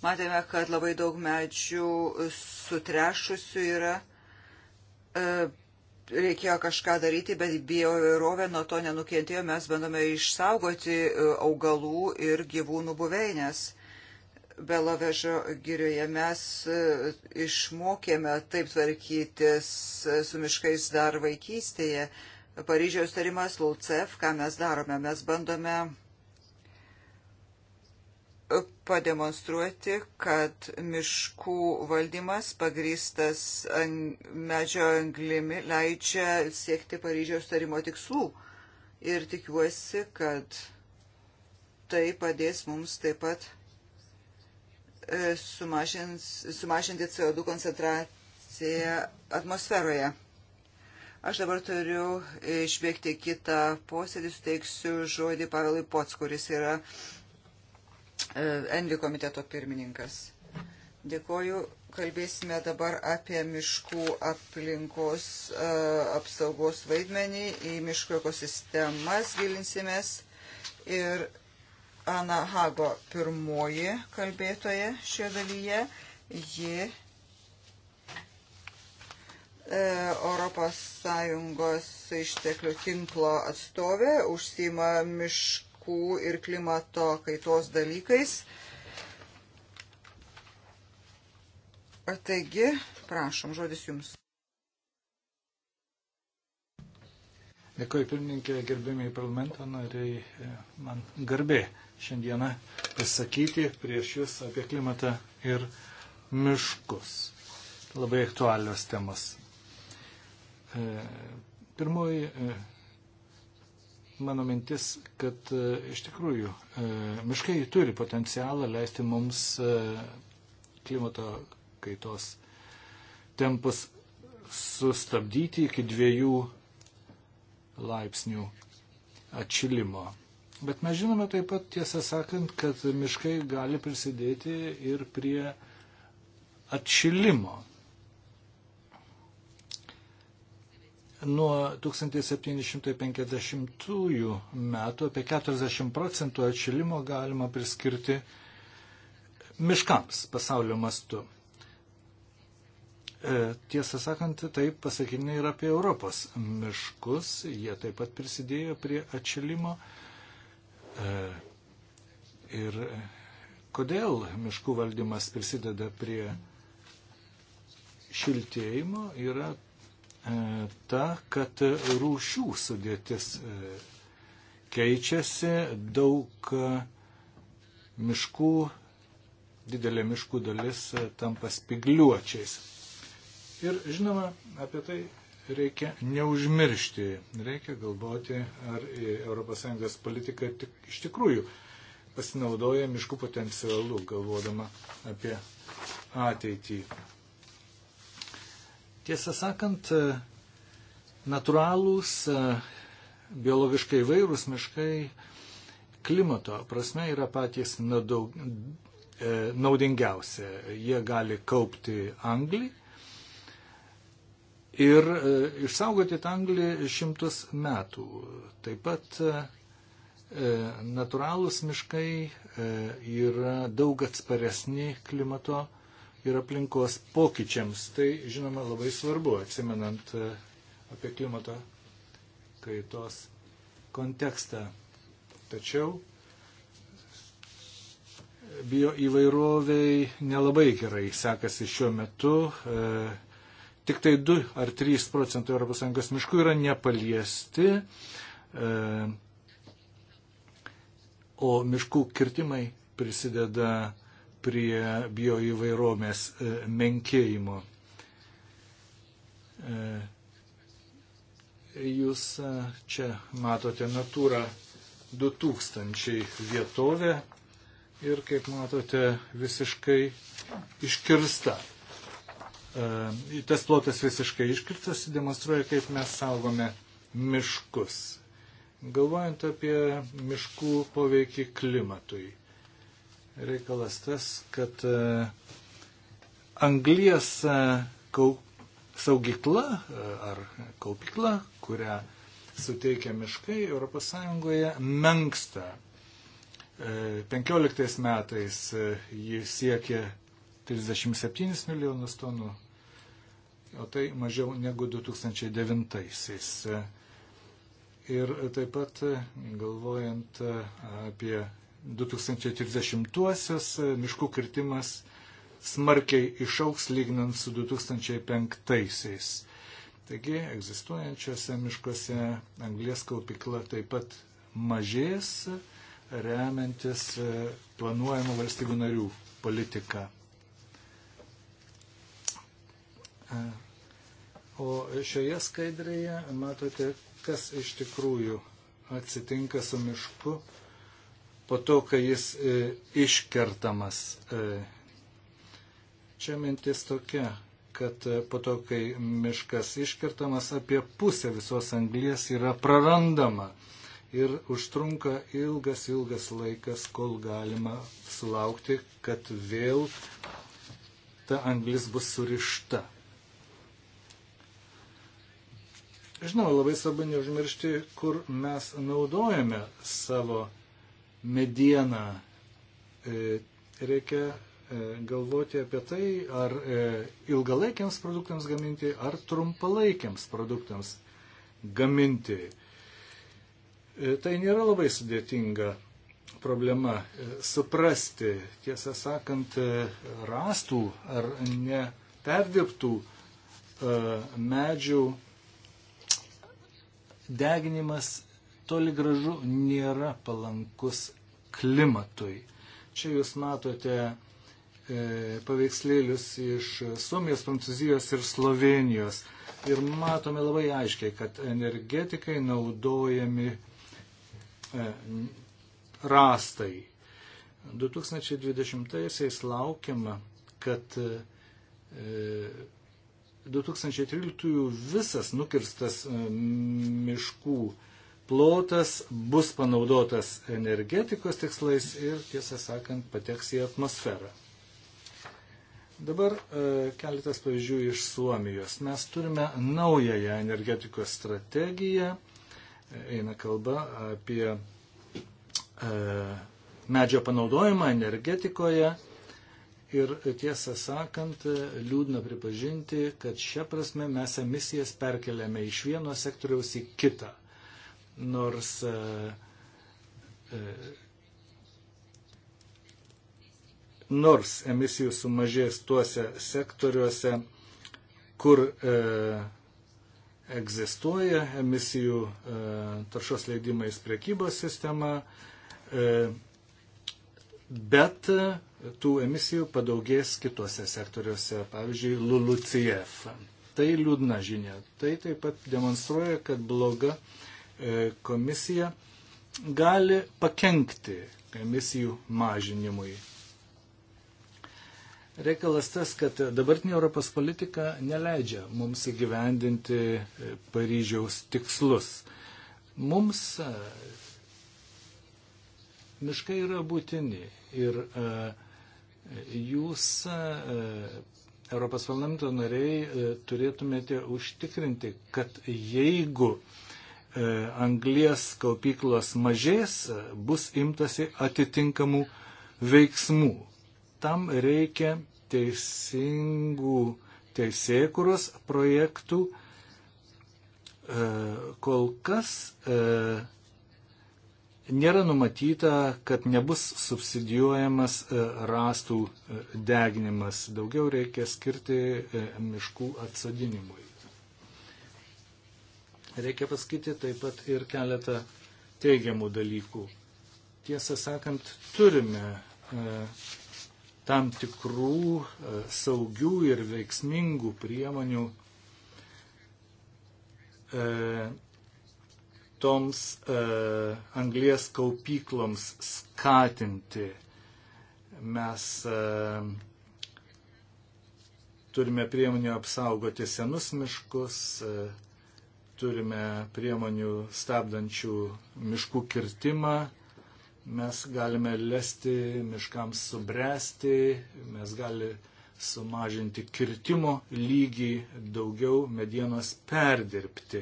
Matėme, kad labai daug medžių sutrešusių yra. E, reikėjo kažką daryti, bet bioįvairovė nuo to nenukentėjo, mes bandome išsaugoti e, augalų ir gyvūnų buveinės. Belavežo girioje mes e, išmokėme taip tvarkytis e, su miškais dar vaikystėje. Paryžiaus tarimas LULCEF, ką mes darome, mes bandome pademonstruoti, kad miškų valdymas pagrįstas medžio anglimi leidžia siekti Paryžiaus tarimo tikslų. Ir tikiuosi, kad tai padės mums taip pat e, sumažins, sumažinti CO2 koncentraciją atmosferoje. Aš dabar turiu išbėgti kitą posėdį, suteiksiu žodį Pavelui Pots, kuris yra uh, E, Envi komiteto pirmininkas. Dėkoju. Kalbėsime dabar apie miškų aplinkos e, apsaugos vaidmenį, į miškų ekosistemas gilinsimės ir Ana Hago pirmoji kalbėtoja šioje dalyje. Ji e, Europos Sąjungos išteklių tinklo atstovė, užsima miškų atliekų ir klimato kaitos dalykais. Taigi, prašom, žodis jums. Dėkui, pirmininkė, gerbėmiai parlamento nariai, man garbė šiandieną pasakyti prieš jūs apie klimatą ir miškus. Labai aktualios temos. E, pirmoji e, mano mintis, kad e, iš tikrųjų e, miškai turi potencialą leisti mums e, klimato kaitos tempus sustabdyti iki dviejų laipsnių atšilimo. Bet mes žinome taip pat, tiesą sakant, kad miškai gali prisidėti ir prie atšilimo. Nuo 1750 metų apie 40 procentų atšilimo galima priskirti miškams pasaulio mastu. E, tiesą sakant, taip pasakinė ir apie Europos miškus, jie taip pat prisidėjo prie atšilimo. E, ir kodėl miškų valdymas prisideda prie šiltėjimo yra E, ta, kad rūšių sudėtis e, keičiasi, daug e, miškų, didelė miškų dalis tampa spigliuočiais. Ir žinoma, apie tai reikia neužmiršti, reikia galvoti, ar ES politika tik, iš tikrųjų pasinaudoja miškų potencialu, galvodama apie ateitį. Tiesą sakant, e, natūralūs, e, biologiškai vairūs miškai klimato prasme yra patys nadaug, e, naudingiausia. Jie gali kaupti anglį ir išsaugoti tą anglį šimtus metų. Taip pat natūralūs miškai yra daug atsparesni klimato ir aplinkos pokyčiams. Tai, žinoma, labai svarbu, atsimenant e, apie klimato kaitos kontekstą. Tačiau bio įvairoviai nelabai gerai sekasi šiuo metu. E, tik tai 2 ar 3 procentai ES miškų yra nepaliesti, e, o miškų kirtimai prisideda prie bioįvairomės e, menkėjimo. E, jūs e, čia matote natūrą 2000 vietovę ir, kaip matote, visiškai iškirsta. Tas plotas visiškai iškirtas demonstruoja, kaip mes saugome miškus. Galvojant apie miškų poveikį klimatui reikalas tas, kad e, anglijas e, saugykla e, ar kaupykla, kurią suteikia miškai ES, menksta. 15 metais ji siekia 37 milijonus tonų, o tai mažiau negu 2009-aisiais. Ir taip pat galvojant apie 2030-uosius miškų kirtimas smarkiai išauks lyginant su 2005-aisiais. Taigi egzistuojančiose miškuose anglės kaupikla taip pat mažės, remiantis e, planuojamų valstybių narių politiką. E, o šioje skaidrėje matote, kas iš tikrųjų atsitinka su mišku po to, kai jis e, iškertamas. E. Čia mintis tokia, kad e, po to, kai miškas iškertamas, apie pusę visos anglies yra prarandama. Ir užtrunka ilgas, ilgas laikas, kol galima sulaukti, kad vėl ta anglis bus surišta. Žinoma, labai svarbu neužmiršti, kur mes naudojame savo medieną. E, reikia e, galvoti apie tai, ar e, ilgalaikiams produktams gaminti, ar trumpalaikiams produktams gaminti. Tai nėra labai sudėtinga problema suprasti, tiesą sakant, rastų ar neperdirbtų medžių deginimas toli gražu nėra palankus klimatui. Čia jūs matote e, paveikslėlius iš Suomijos, Prancūzijos ir Slovenijos. Ir matome labai aiškiai, kad energetikai naudojami e, rastai. 2020-aisiais laukiama, kad e, 2013 visas nukirstas e, miškų plotas bus panaudotas energetikos tikslais ir, tiesą sakant, pateks į atmosferą. Dabar e, keletas pavyzdžių iš Suomijos. Mes turime naująją energetikos strategiją. E, eina kalba apie e, medžio panaudojimą energetikoje. Ir tiesą sakant, liūdna pripažinti, kad šią prasme mes emisijas perkeliame iš vieno sektoriaus į kitą nors e, e, nors emisijų sumažės tuose sektoriuose, kur e, egzistuoja emisijų e, taršos leidimais prekybos sistema, e, bet tų emisijų padaugės kitose sektoriuose, pavyzdžiui, LULUCF. Tai liūdna žinia. Tai taip pat demonstruoja, kad bloga E, komisija gali pakenkti emisijų mažinimui. Reikalas tas, kad dabartinė Europos politika neleidžia mums įgyvendinti e, Paryžiaus tikslus. Mums e, miškai yra būtini ir jūs, Europos parlamento nariai, turėtumėte užtikrinti, kad jeigu uh, E, anglės kaupyklos mažės, e, bus imtasi atitinkamų veiksmų. Tam reikia teisingų teisėkuros projektų. E, kol kas nėra numatyta, kad nebus subsidijuojamas rastų deginimas. Daugiau reikia skirti miškų atsadinimui. Reikia pasakyti taip pat ir keletą teigiamų dalykų. Tiesą sakant, turime e, tam tikrų e, saugių ir veiksmingų priemonių e, toms e, anglies kaupykloms skatinti. Mes e, turime priemonių apsaugoti senus miškus, e, turime priemonių stabdančių miškų kirtimą, mes galime lesti miškams subręsti, mes galime sumažinti kirtimo lygį, daugiau medienos perdirbti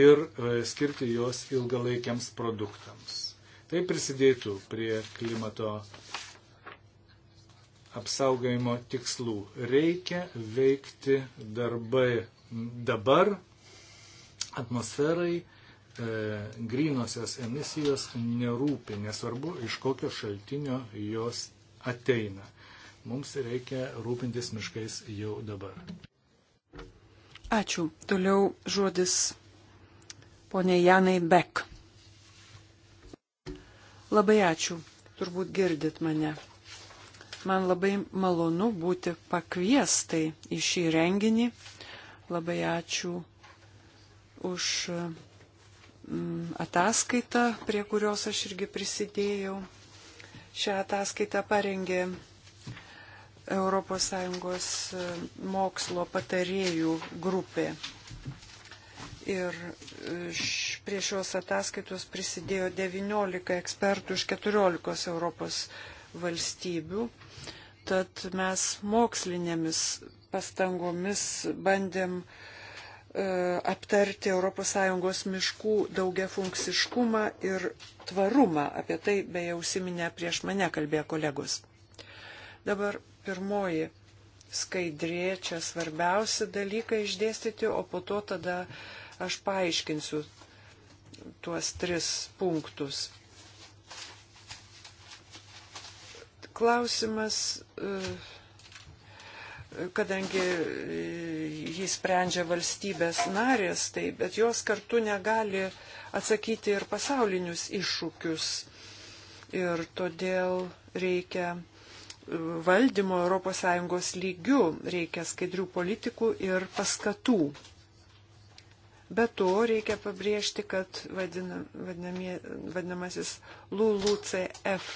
ir e, skirti juos ilgalaikiams produktams. Tai prisidėtų prie klimato apsaugojimo tikslų. Reikia veikti darbai dabar, atmosferai e, grynosios emisijos nerūpi, nesvarbu, iš kokio šaltinio jos ateina. Mums reikia rūpintis miškais jau dabar. Ačiū. Toliau žodis ponė Janai Bek. Labai ačiū. Turbūt girdit mane. Man labai malonu būti pakviestai į šį renginį. Labai ačiū už mm, ataskaitą, prie kurios aš irgi prisidėjau. Šią ataskaitą parengė ES e, mokslo patarėjų grupė. Ir e, prie šios ataskaitos prisidėjo 19 ekspertų iš 14 Europos valstybių. Tad mes mokslinėmis pastangomis bandėm uh, E, aptarti ES miškų daugiafunkciškumą ir tvarumą. Apie tai beje užsiminė prieš mane kalbėjo kolegos. Dabar pirmoji skaidrė, čia svarbiausi dalykai išdėstyti, o po to tada aš paaiškinsiu tuos tris punktus. Klausimas. Uh, kadangi e, jį sprendžia valstybės narės, tai, bet jos kartu negali atsakyti ir pasaulinius iššūkius. Ir todėl reikia e, valdymo ES lygių, reikia skaidrių politikų ir paskatų. Be to reikia pabrėžti, kad vadinam, vadinamie, vadinamasis LULUCF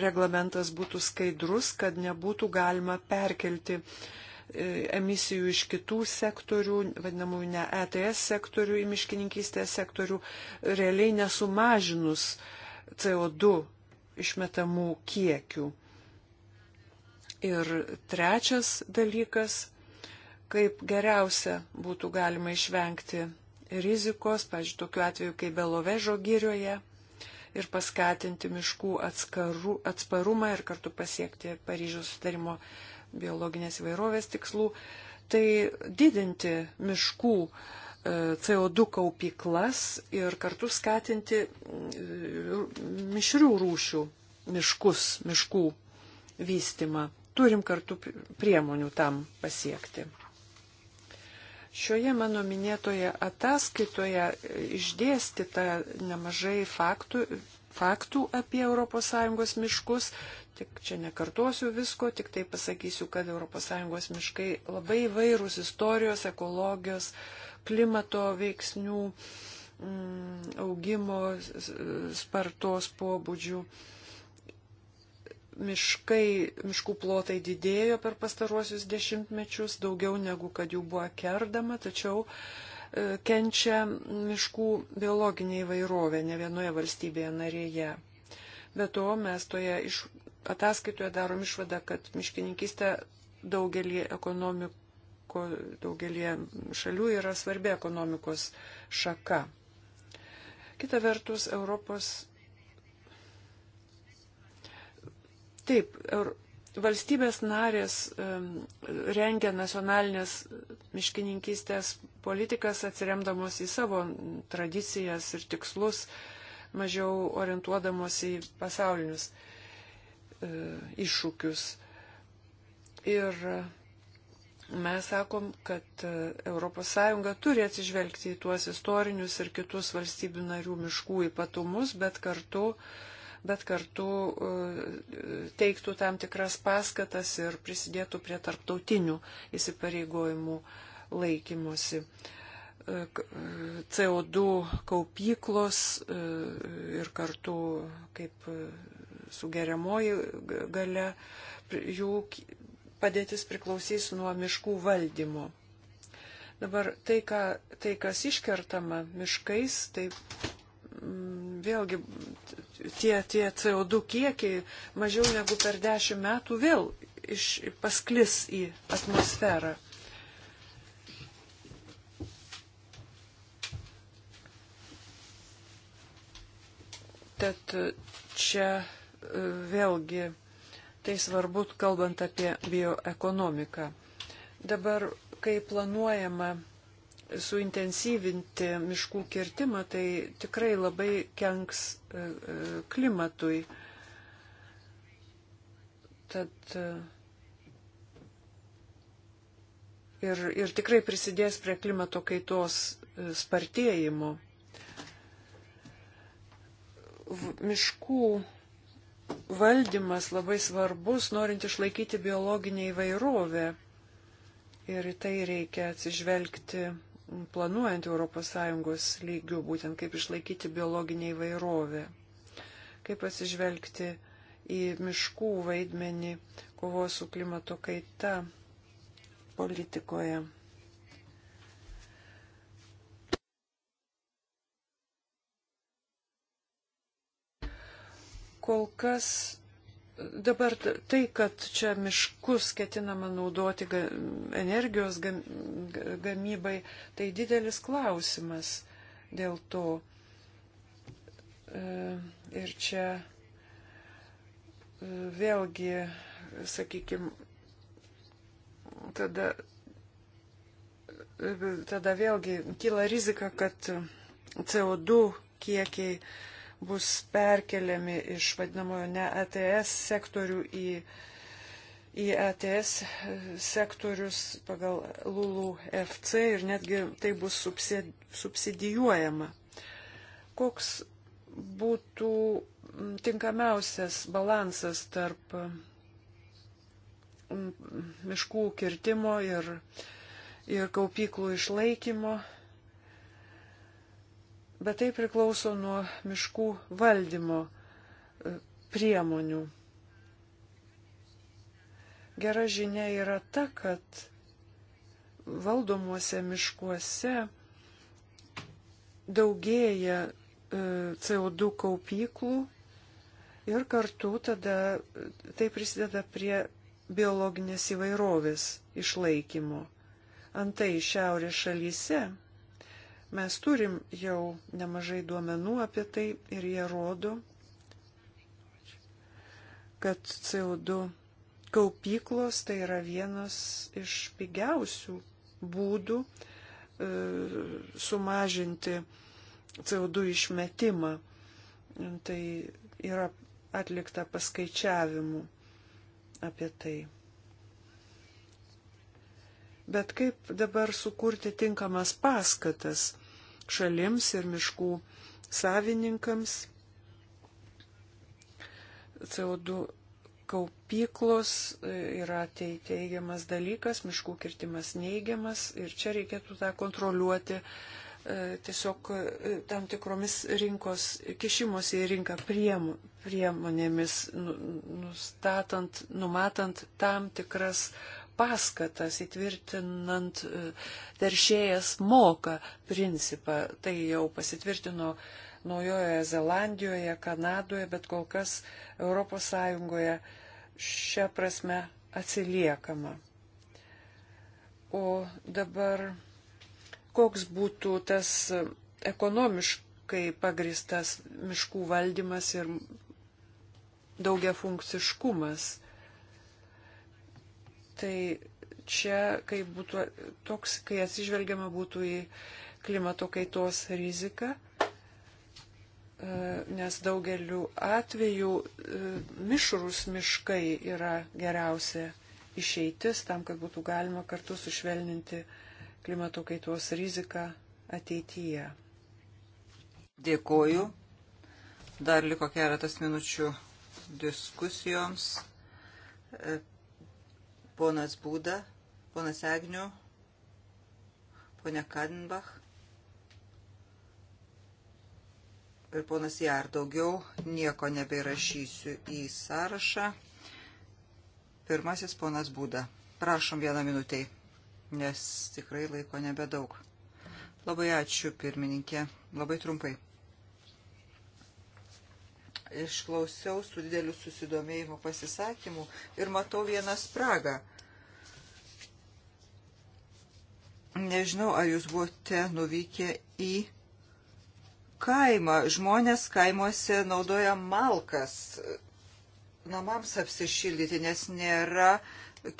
reglamentas būtų skaidrus, kad nebūtų galima perkelti e, emisijų iš kitų sektorių, vadinamųjų ne ETS sektorių į miškininkystės sektorių, realiai nesumažinus CO2 išmetamų kiekių. Ir trečias dalykas, kaip geriausia būtų galima išvengti rizikos, pažiūrėjau, tokiu atveju kaip Belovežo gyrioje, ir paskatinti miškų atskarų, atsparumą ir kartu pasiekti Paryžiaus sutarimo biologinės įvairovės tikslų, tai didinti miškų e, CO2 kaupyklas ir kartu skatinti e, mišrių rūšių miškus, miškų vystimą. Turim kartu priemonių tam pasiekti. Šioje mano minėtoje ataskaitoje išdėstyta nemažai faktų, faktų apie ES miškus. Tik čia nekartosiu visko, tik tai pasakysiu, kad ES miškai labai įvairūs istorijos, ekologijos, klimato veiksnių, mm, augimo spartos pobūdžių miškai, miškų plotai didėjo per pastaruosius dešimtmečius, daugiau negu kad jų buvo kerdama, tačiau e, kenčia miškų biologinė įvairovė ne vienoje valstybėje narėje. Be to, mes toje iš, ataskaitoje darom išvadą, kad miškininkistė daugelį ekonomiko, daugelį šalių yra svarbi ekonomikos šaka. Kita vertus, Europos Taip, valstybės narės rengia nacionalinės miškininkystės politikas atsiremdamos į savo tradicijas ir tikslus, mažiau orientuodamos į pasaulinius e, iššūkius. Ir mes sakom, kad ES turi atsižvelgti į tuos istorinius ir kitus valstybių narių miškų ypatumus, bet kartu uh, bet kartu e, teiktų tam tikras paskatas ir prisidėtų prie tarptautinių įsipareigojimų laikymosi. E, e, CO2 kaupyklos ir kartu kaip sugeriamoji gale jų padėtis priklausys nuo miškų valdymo. Dabar tai, ką, tai kas iškertama miškais, tai vėlgi tie, tie CO2 kiekiai mažiau negu per dešimt metų vėl iš, pasklis į atmosferą. Tad čia e, vėlgi tai svarbu, kalbant apie bioekonomiką. Dabar, kai planuojama suintensyvinti miškų kirtimą, tai tikrai labai kenks e, e, klimatui. Tad e, ir, ir tikrai prisidės prie klimato kaitos spartėjimo. Miškų valdymas labai svarbus, norint išlaikyti biologinę įvairovę. Ir į tai reikia atsižvelgti planuojant ES lygių, būtent kaip išlaikyti biologinį įvairovę, kaip atsižvelgti į miškų vaidmenį kovos su klimato kaita politikoje. Kol kas dabar tai, kad čia miškus ketinama naudoti energijos gamybai, tai didelis klausimas dėl to. E, ir čia e, vėlgi, sakykime, tada, e, tada vėlgi kyla rizika, kad CO2 kiekiai bus perkeliami iš vadinamojo ne ATS e sektorių į, į ATS e sektorius pagal LULU FC ir netgi tai bus subsidijuojama. Koks būtų tinkamiausias balansas tarp miškų kirtimo ir, ir kaupyklų išlaikymo bet tai priklauso nuo miškų valdymo e, priemonių. Gera žinia yra ta, kad valdomuose miškuose daugėja e, CO2 kaupyklų ir kartu tada e, tai prisideda prie biologinės įvairovės išlaikymo. Antai šiaurės šalyse Mes turim jau nemažai duomenų apie tai ir jie rodo, kad CO2 kaupyklos tai yra vienas iš pigiausių būdų e, sumažinti CO2 išmetimą. Tai yra atlikta paskaičiavimų apie tai. Bet kaip dabar sukurti tinkamas paskatas šalims ir miškų savininkams. CO2 kaupyklos e, yra teigiamas dalykas, miškų kirtimas neigiamas ir čia reikėtų tą kontroliuoti e, tiesiog e, tam tikromis rinkos kišimosi į rinką priemonėmis, nu, nustatant, numatant tam tikras paskatas įtvirtinant e, teršėjas moka principą. Tai jau pasitvirtino Naujojoje Zelandijoje, Kanadoje, bet kol kas ES šią prasme atsiliekama. O dabar koks būtų tas ekonomiškai pagristas miškų valdymas ir daugia funkciškumas. Tai čia, kai būtų toks, kai atsižvelgiama būtų į klimato kaitos riziką, e, nes daugeliu atveju e, mišrus miškai yra geriausia išeitis tam, kad būtų galima kartu sušvelninti klimato kaitos riziką ateityje. Dėkoju. Dar liko keletas minučių diskusijoms. E, ponas Būda, ponas Egnių, ponia Kadenbach ir ponas Jar. Daugiau nieko nebeirašysiu į sąrašą. Pirmasis ponas Būda. Prašom vieną minutę, nes tikrai laiko nebedaug. Labai ačiū, pirmininkė. Labai trumpai. Išklausiau su dideliu susidomėjimu pasisakymų ir matau vieną spragą – Nežinau, ar jūs buvote nuvykę į kaimą. Žmonės kaimuose naudoja malkas namams apsišildyti, nes nėra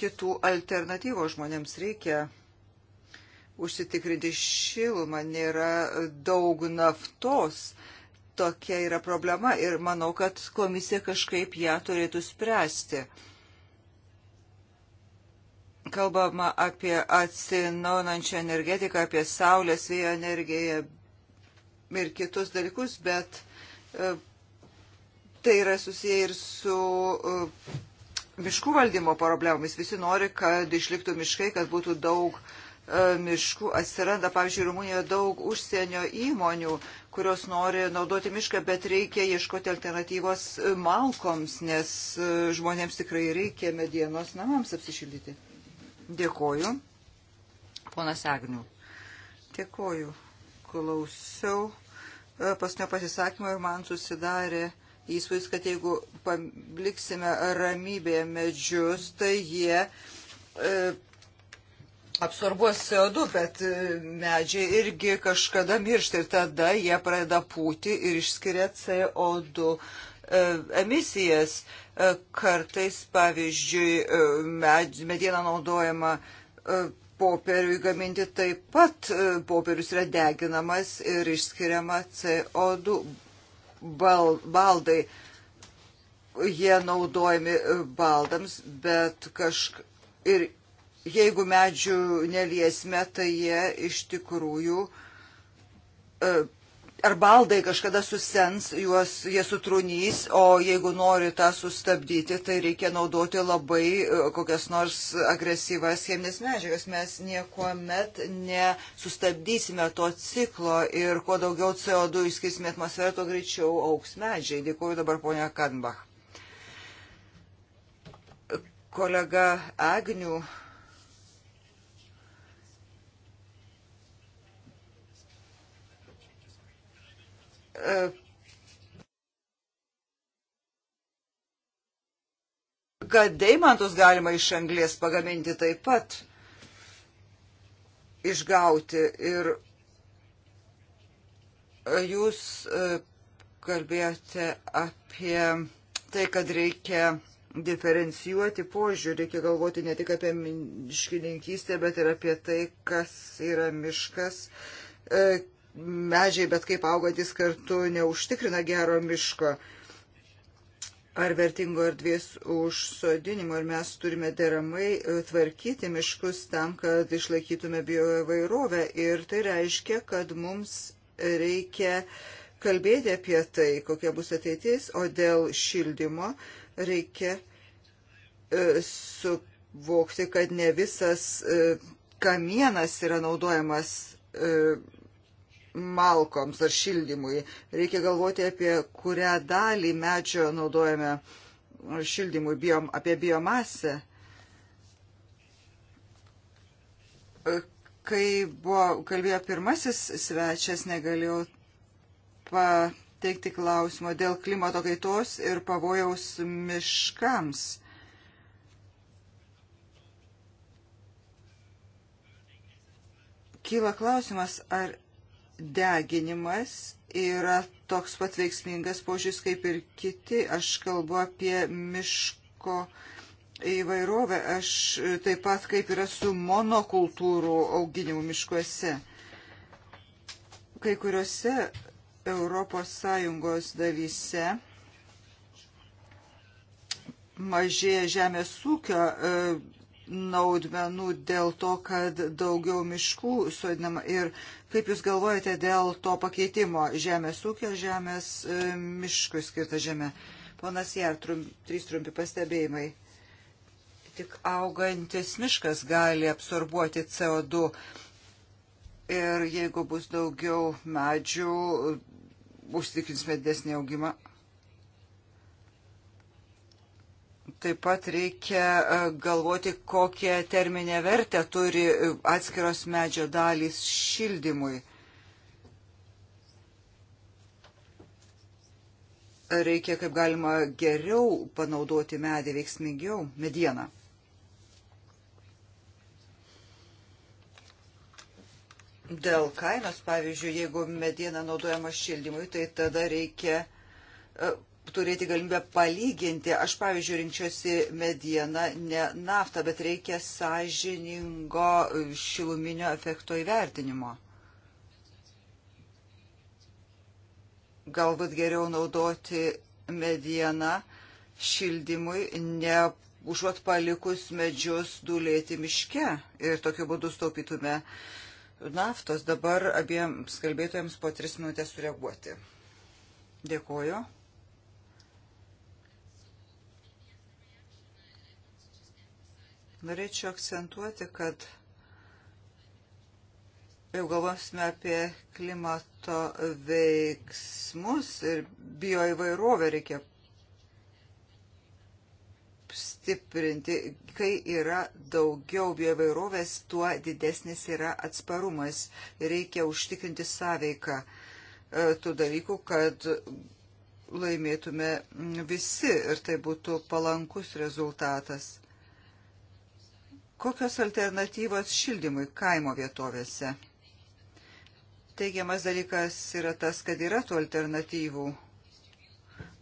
kitų alternatyvų žmonėms reikia užsitikrinti šilumą, nėra daug naftos. Tokia yra problema ir manau, kad komisija kažkaip ją turėtų spręsti kalbama apie atsinaunančią energetiką, apie saulės vėjo energiją ir kitus dalykus, bet e, tai yra susiję ir su e, miškų valdymo problemomis. Visi nori, kad išliktų miškai, kad būtų daug e, miškų atsiranda, pavyzdžiui, Rumunijoje daug užsienio įmonių, kurios nori naudoti mišką, bet reikia ieškoti alternatyvos malkoms, nes žmonėms tikrai reikia medienos namams apsišildyti. Dėkoju. Ponas Agnių. Dėkoju. Klausiau e, pasnio pasisakymą ir man susidarė įspūdis, kad jeigu paliksime ramybėje medžius, tai jie e, absorbuos CO2, bet e, medžiai irgi kažkada miršta ir tada jie pradeda pūti ir išskiria CO2. E, emisijas. E, kartais, pavyzdžiui, e, mediena naudojama popieriui gaminti taip pat popierius yra deginamas ir išskiriama CO2 bal, baldai. Jie naudojami baldams, bet kažk... Ir jeigu medžių neliesme, tai jie iš tikrųjų ar baldai kažkada susens, juos jie sutrunys, o jeigu nori tą sustabdyti, tai reikia naudoti labai e, kokias nors agresyvas cheminės medžiagas. Mes nieko met nesustabdysime to ciklo ir kuo daugiau CO2 išskirsime atmosferą, tuo greičiau auks medžiai. Dėkuoju dabar ponia Kanbach. Kolega Agnių E, kad deimantus galima iš anglės pagaminti taip pat, išgauti. Ir jūs e, kalbėjote apie tai, kad reikia diferencijuoti požiūrį, reikia galvoti ne tik apie miškininkystę, bet ir apie tai, kas yra miškas, e, medžiai, bet kaip augantis kartu neužtikrina gero miško ar vertingo erdvės užsodinimo ir mes turime deramai e, tvarkyti miškus tam, kad išlaikytume bioįvairovę. Ir tai reiškia, kad mums reikia kalbėti apie tai, kokia bus ateitis, o dėl šildymo reikia e, suvokti, kad ne visas e, kamienas yra naudojamas malkoms ar šildymui. Reikia galvoti apie kurią dalį medžio naudojame šildymui, biom, apie biomasę. Kai buvo, kalbėjo pirmasis svečias, negalėjau pateikti klausimo dėl klimato kaitos ir pavojaus miškams. Kyla klausimas, ar deginimas yra toks pat veiksmingas požiūris kaip ir kiti. Aš kalbu apie miško įvairovę, aš taip pat kaip yra su monokultūrų auginimu miškuose. Kai kuriuose ES dalyse mažėja žemės ūkio e, naudmenų dėl to, kad daugiau miškų sodinama. Ir kaip Jūs galvojate dėl to pakeitimo žemės ūkio, žemės e, miškui skirta žemė? Ponas Jar, trum, trys trumpi pastebėjimai. Tik augantis miškas gali absorbuoti CO2. Ir jeigu bus daugiau medžių, užtikrinsime didesnį augimą. Taip pat reikia e, galvoti, kokią terminę vertę turi e, atskiros medžio dalys šildymui. Reikia kaip galima geriau panaudoti medį veiksmingiau, medieną. Dėl kainos, pavyzdžiui, jeigu mediena naudojama šildymui, tai tada reikia e, turėti galimybę palyginti. Aš, pavyzdžiui, rinkčiausi medieną, ne naftą, bet reikia sąžiningo šiluminio efekto įvertinimo. Galbūt geriau naudoti medieną šildymui, ne užuot palikus medžius dulėti miške ir tokiu būdu staupytume naftos. Dabar abiems kalbėtojams po tris minutės sureaguoti. Dėkuoju. Norėčiau akcentuoti, kad jau galvosime apie klimato veiksmus ir bioįvairovę reikia stiprinti. Kai yra daugiau bioįvairovės, tuo didesnis yra atsparumas. Reikia užtikrinti sąveiką e, tų dalykų, kad laimėtume visi ir tai būtų palankus rezultatas. Kokios alternatyvos šildymui kaimo vietovėse? Teigiamas dalykas yra tas, kad yra tų alternatyvų.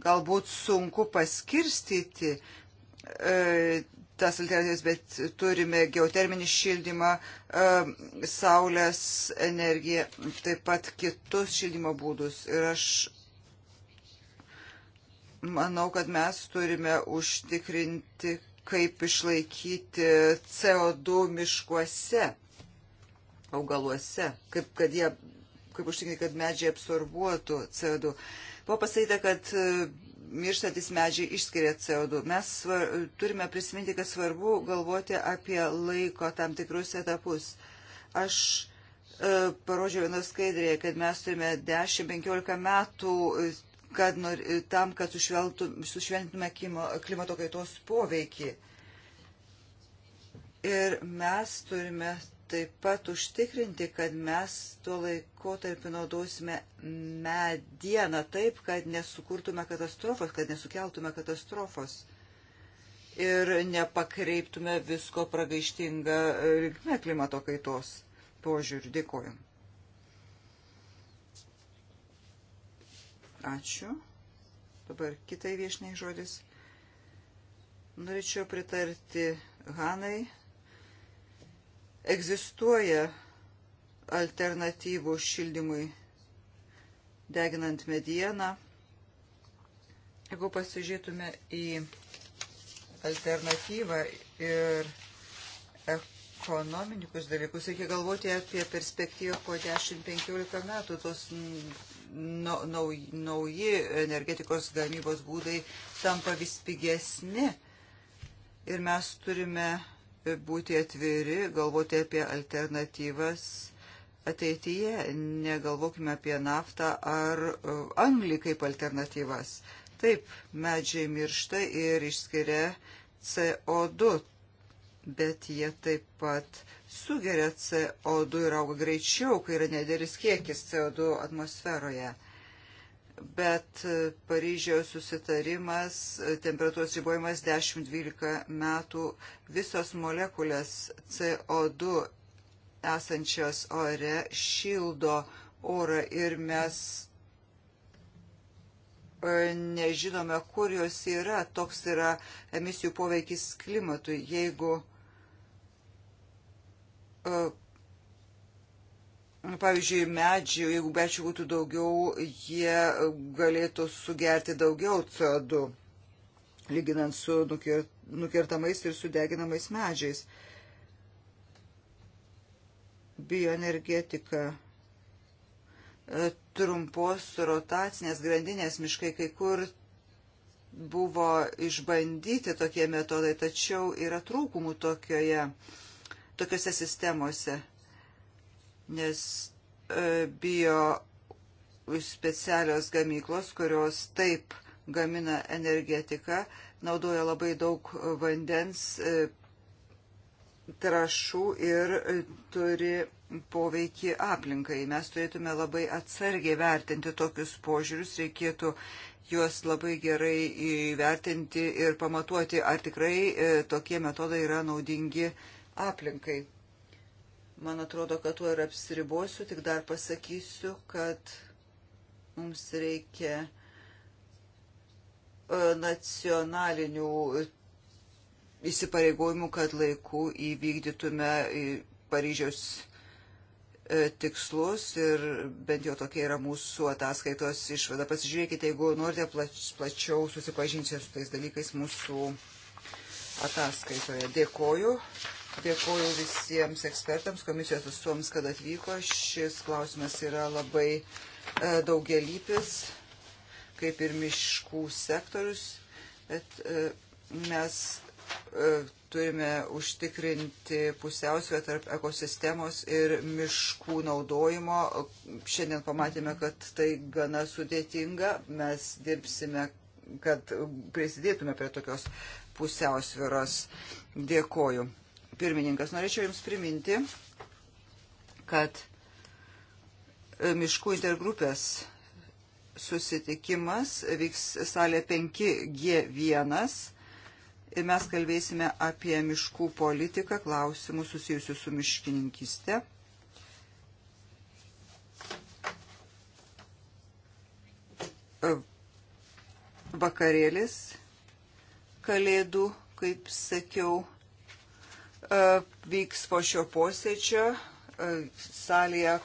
Galbūt sunku paskirstyti e, tas alternatyvas, bet turime geoterminį šildymą, e, saulės energiją, taip pat kitus šildymo būdus. Ir aš manau, kad mes turime užtikrinti, kaip išlaikyti CO2 miškuose, augaluose, kaip, kad jie, kaip užtikrinti, kad medžiai absorbuotų CO2. Buvo pasakyta, kad e, mirštantis medžiai išskiria CO2. Mes svar, turime prisiminti, kad svarbu galvoti apie laiko tam tikrus etapus. Aš e, parodžiau vieną skaidrėje, kad mes turime 10-15 metų e, kad nori, tam, kad sušventume klimato kaitos poveikį. Ir mes turime taip pat užtikrinti, kad mes tuo laiko tarp naudosime medieną taip, kad nesukurtume katastrofos, kad nesukeltume katastrofos ir nepakreiptume visko pragaištingą e, linkme klimato kaitos požiūrių. Dėkojom. Ačiū. Dabar kitai viešniai žodis. Norėčiau pritarti Hanai. Egzistuoja alternatyvų šildymui deginant medieną. Jeigu pasižiūrėtume į alternatyvą ir ekonominikus dalykus, reikia galvoti apie perspektyvą po 10-15 metų. Tos nauji energetikos gamybos būdai tampa vis pigesni ir mes turime būti atviri, galvoti apie alternatyvas ateityje. Negalvokime apie naftą ar e, anglį kaip alternatyvas. Taip, medžiai miršta ir išskiria CO2, bet jie taip pat sugeria CO2 ir auga greičiau, kai yra nedėlis kiekis CO2 atmosferoje. Bet e, Paryžiaus susitarimas, e, temperatūros ribojimas 10-12 metų, visos molekulės CO2 esančios ore šildo orą ir mes e, nežinome, kur jos yra, toks yra emisijų poveikis klimatui. Jeigu Pavyzdžiui, medžių, jeigu medžių būtų daugiau, jie galėtų sugerti daugiau CO2, lyginant su nukertamais ir sudeginamais medžiais. Bioenergetika. E, trumpos rotacinės grandinės miškai kai kur buvo išbandyti tokie metodai, tačiau yra trūkumų tokioje uh, tokiuose sistemuose, nes e, bio specialios gamyklos, kurios taip gamina energetiką, naudoja labai daug vandens e, trašų ir e, turi poveikį aplinkai. Mes turėtume labai atsargiai vertinti tokius požiūrius, reikėtų juos labai gerai įvertinti ir pamatuoti, ar tikrai tokie metodai yra naudingi aplinkai. Man atrodo, kad tuo ir apsiribosiu, tik dar pasakysiu, kad mums reikia e, nacionalinių įsipareigojimų, kad laiku įvykdytume e, Paryžiaus e, tikslus ir bent jau tokia yra mūsų ataskaitos išvada. Pasižiūrėkite, jeigu norite plačiau susipažinti su tais dalykais mūsų ataskaitoje. Dėkoju. Dėkuoju visiems ekspertams, komisijos atstovams, kad atvyko. Šis klausimas yra labai e, daugelypis, kaip ir miškų sektorius, bet e, mes e, turime užtikrinti pusiausvę tarp ekosistemos ir miškų naudojimo. Šiandien pamatėme, kad tai gana sudėtinga. Mes dirbsime, kad prisidėtume prie tokios pusiausvėros. Dėkoju pirmininkas. Norėčiau Jums priminti, kad e, miškų intergrupės susitikimas vyks salė 5G1 ir mes kalbėsime apie miškų politiką, klausimus susijusius su miškininkiste. E, vakarėlis kalėdų, kaip sakiau, E, vyks po šio posėdžio e, salėje.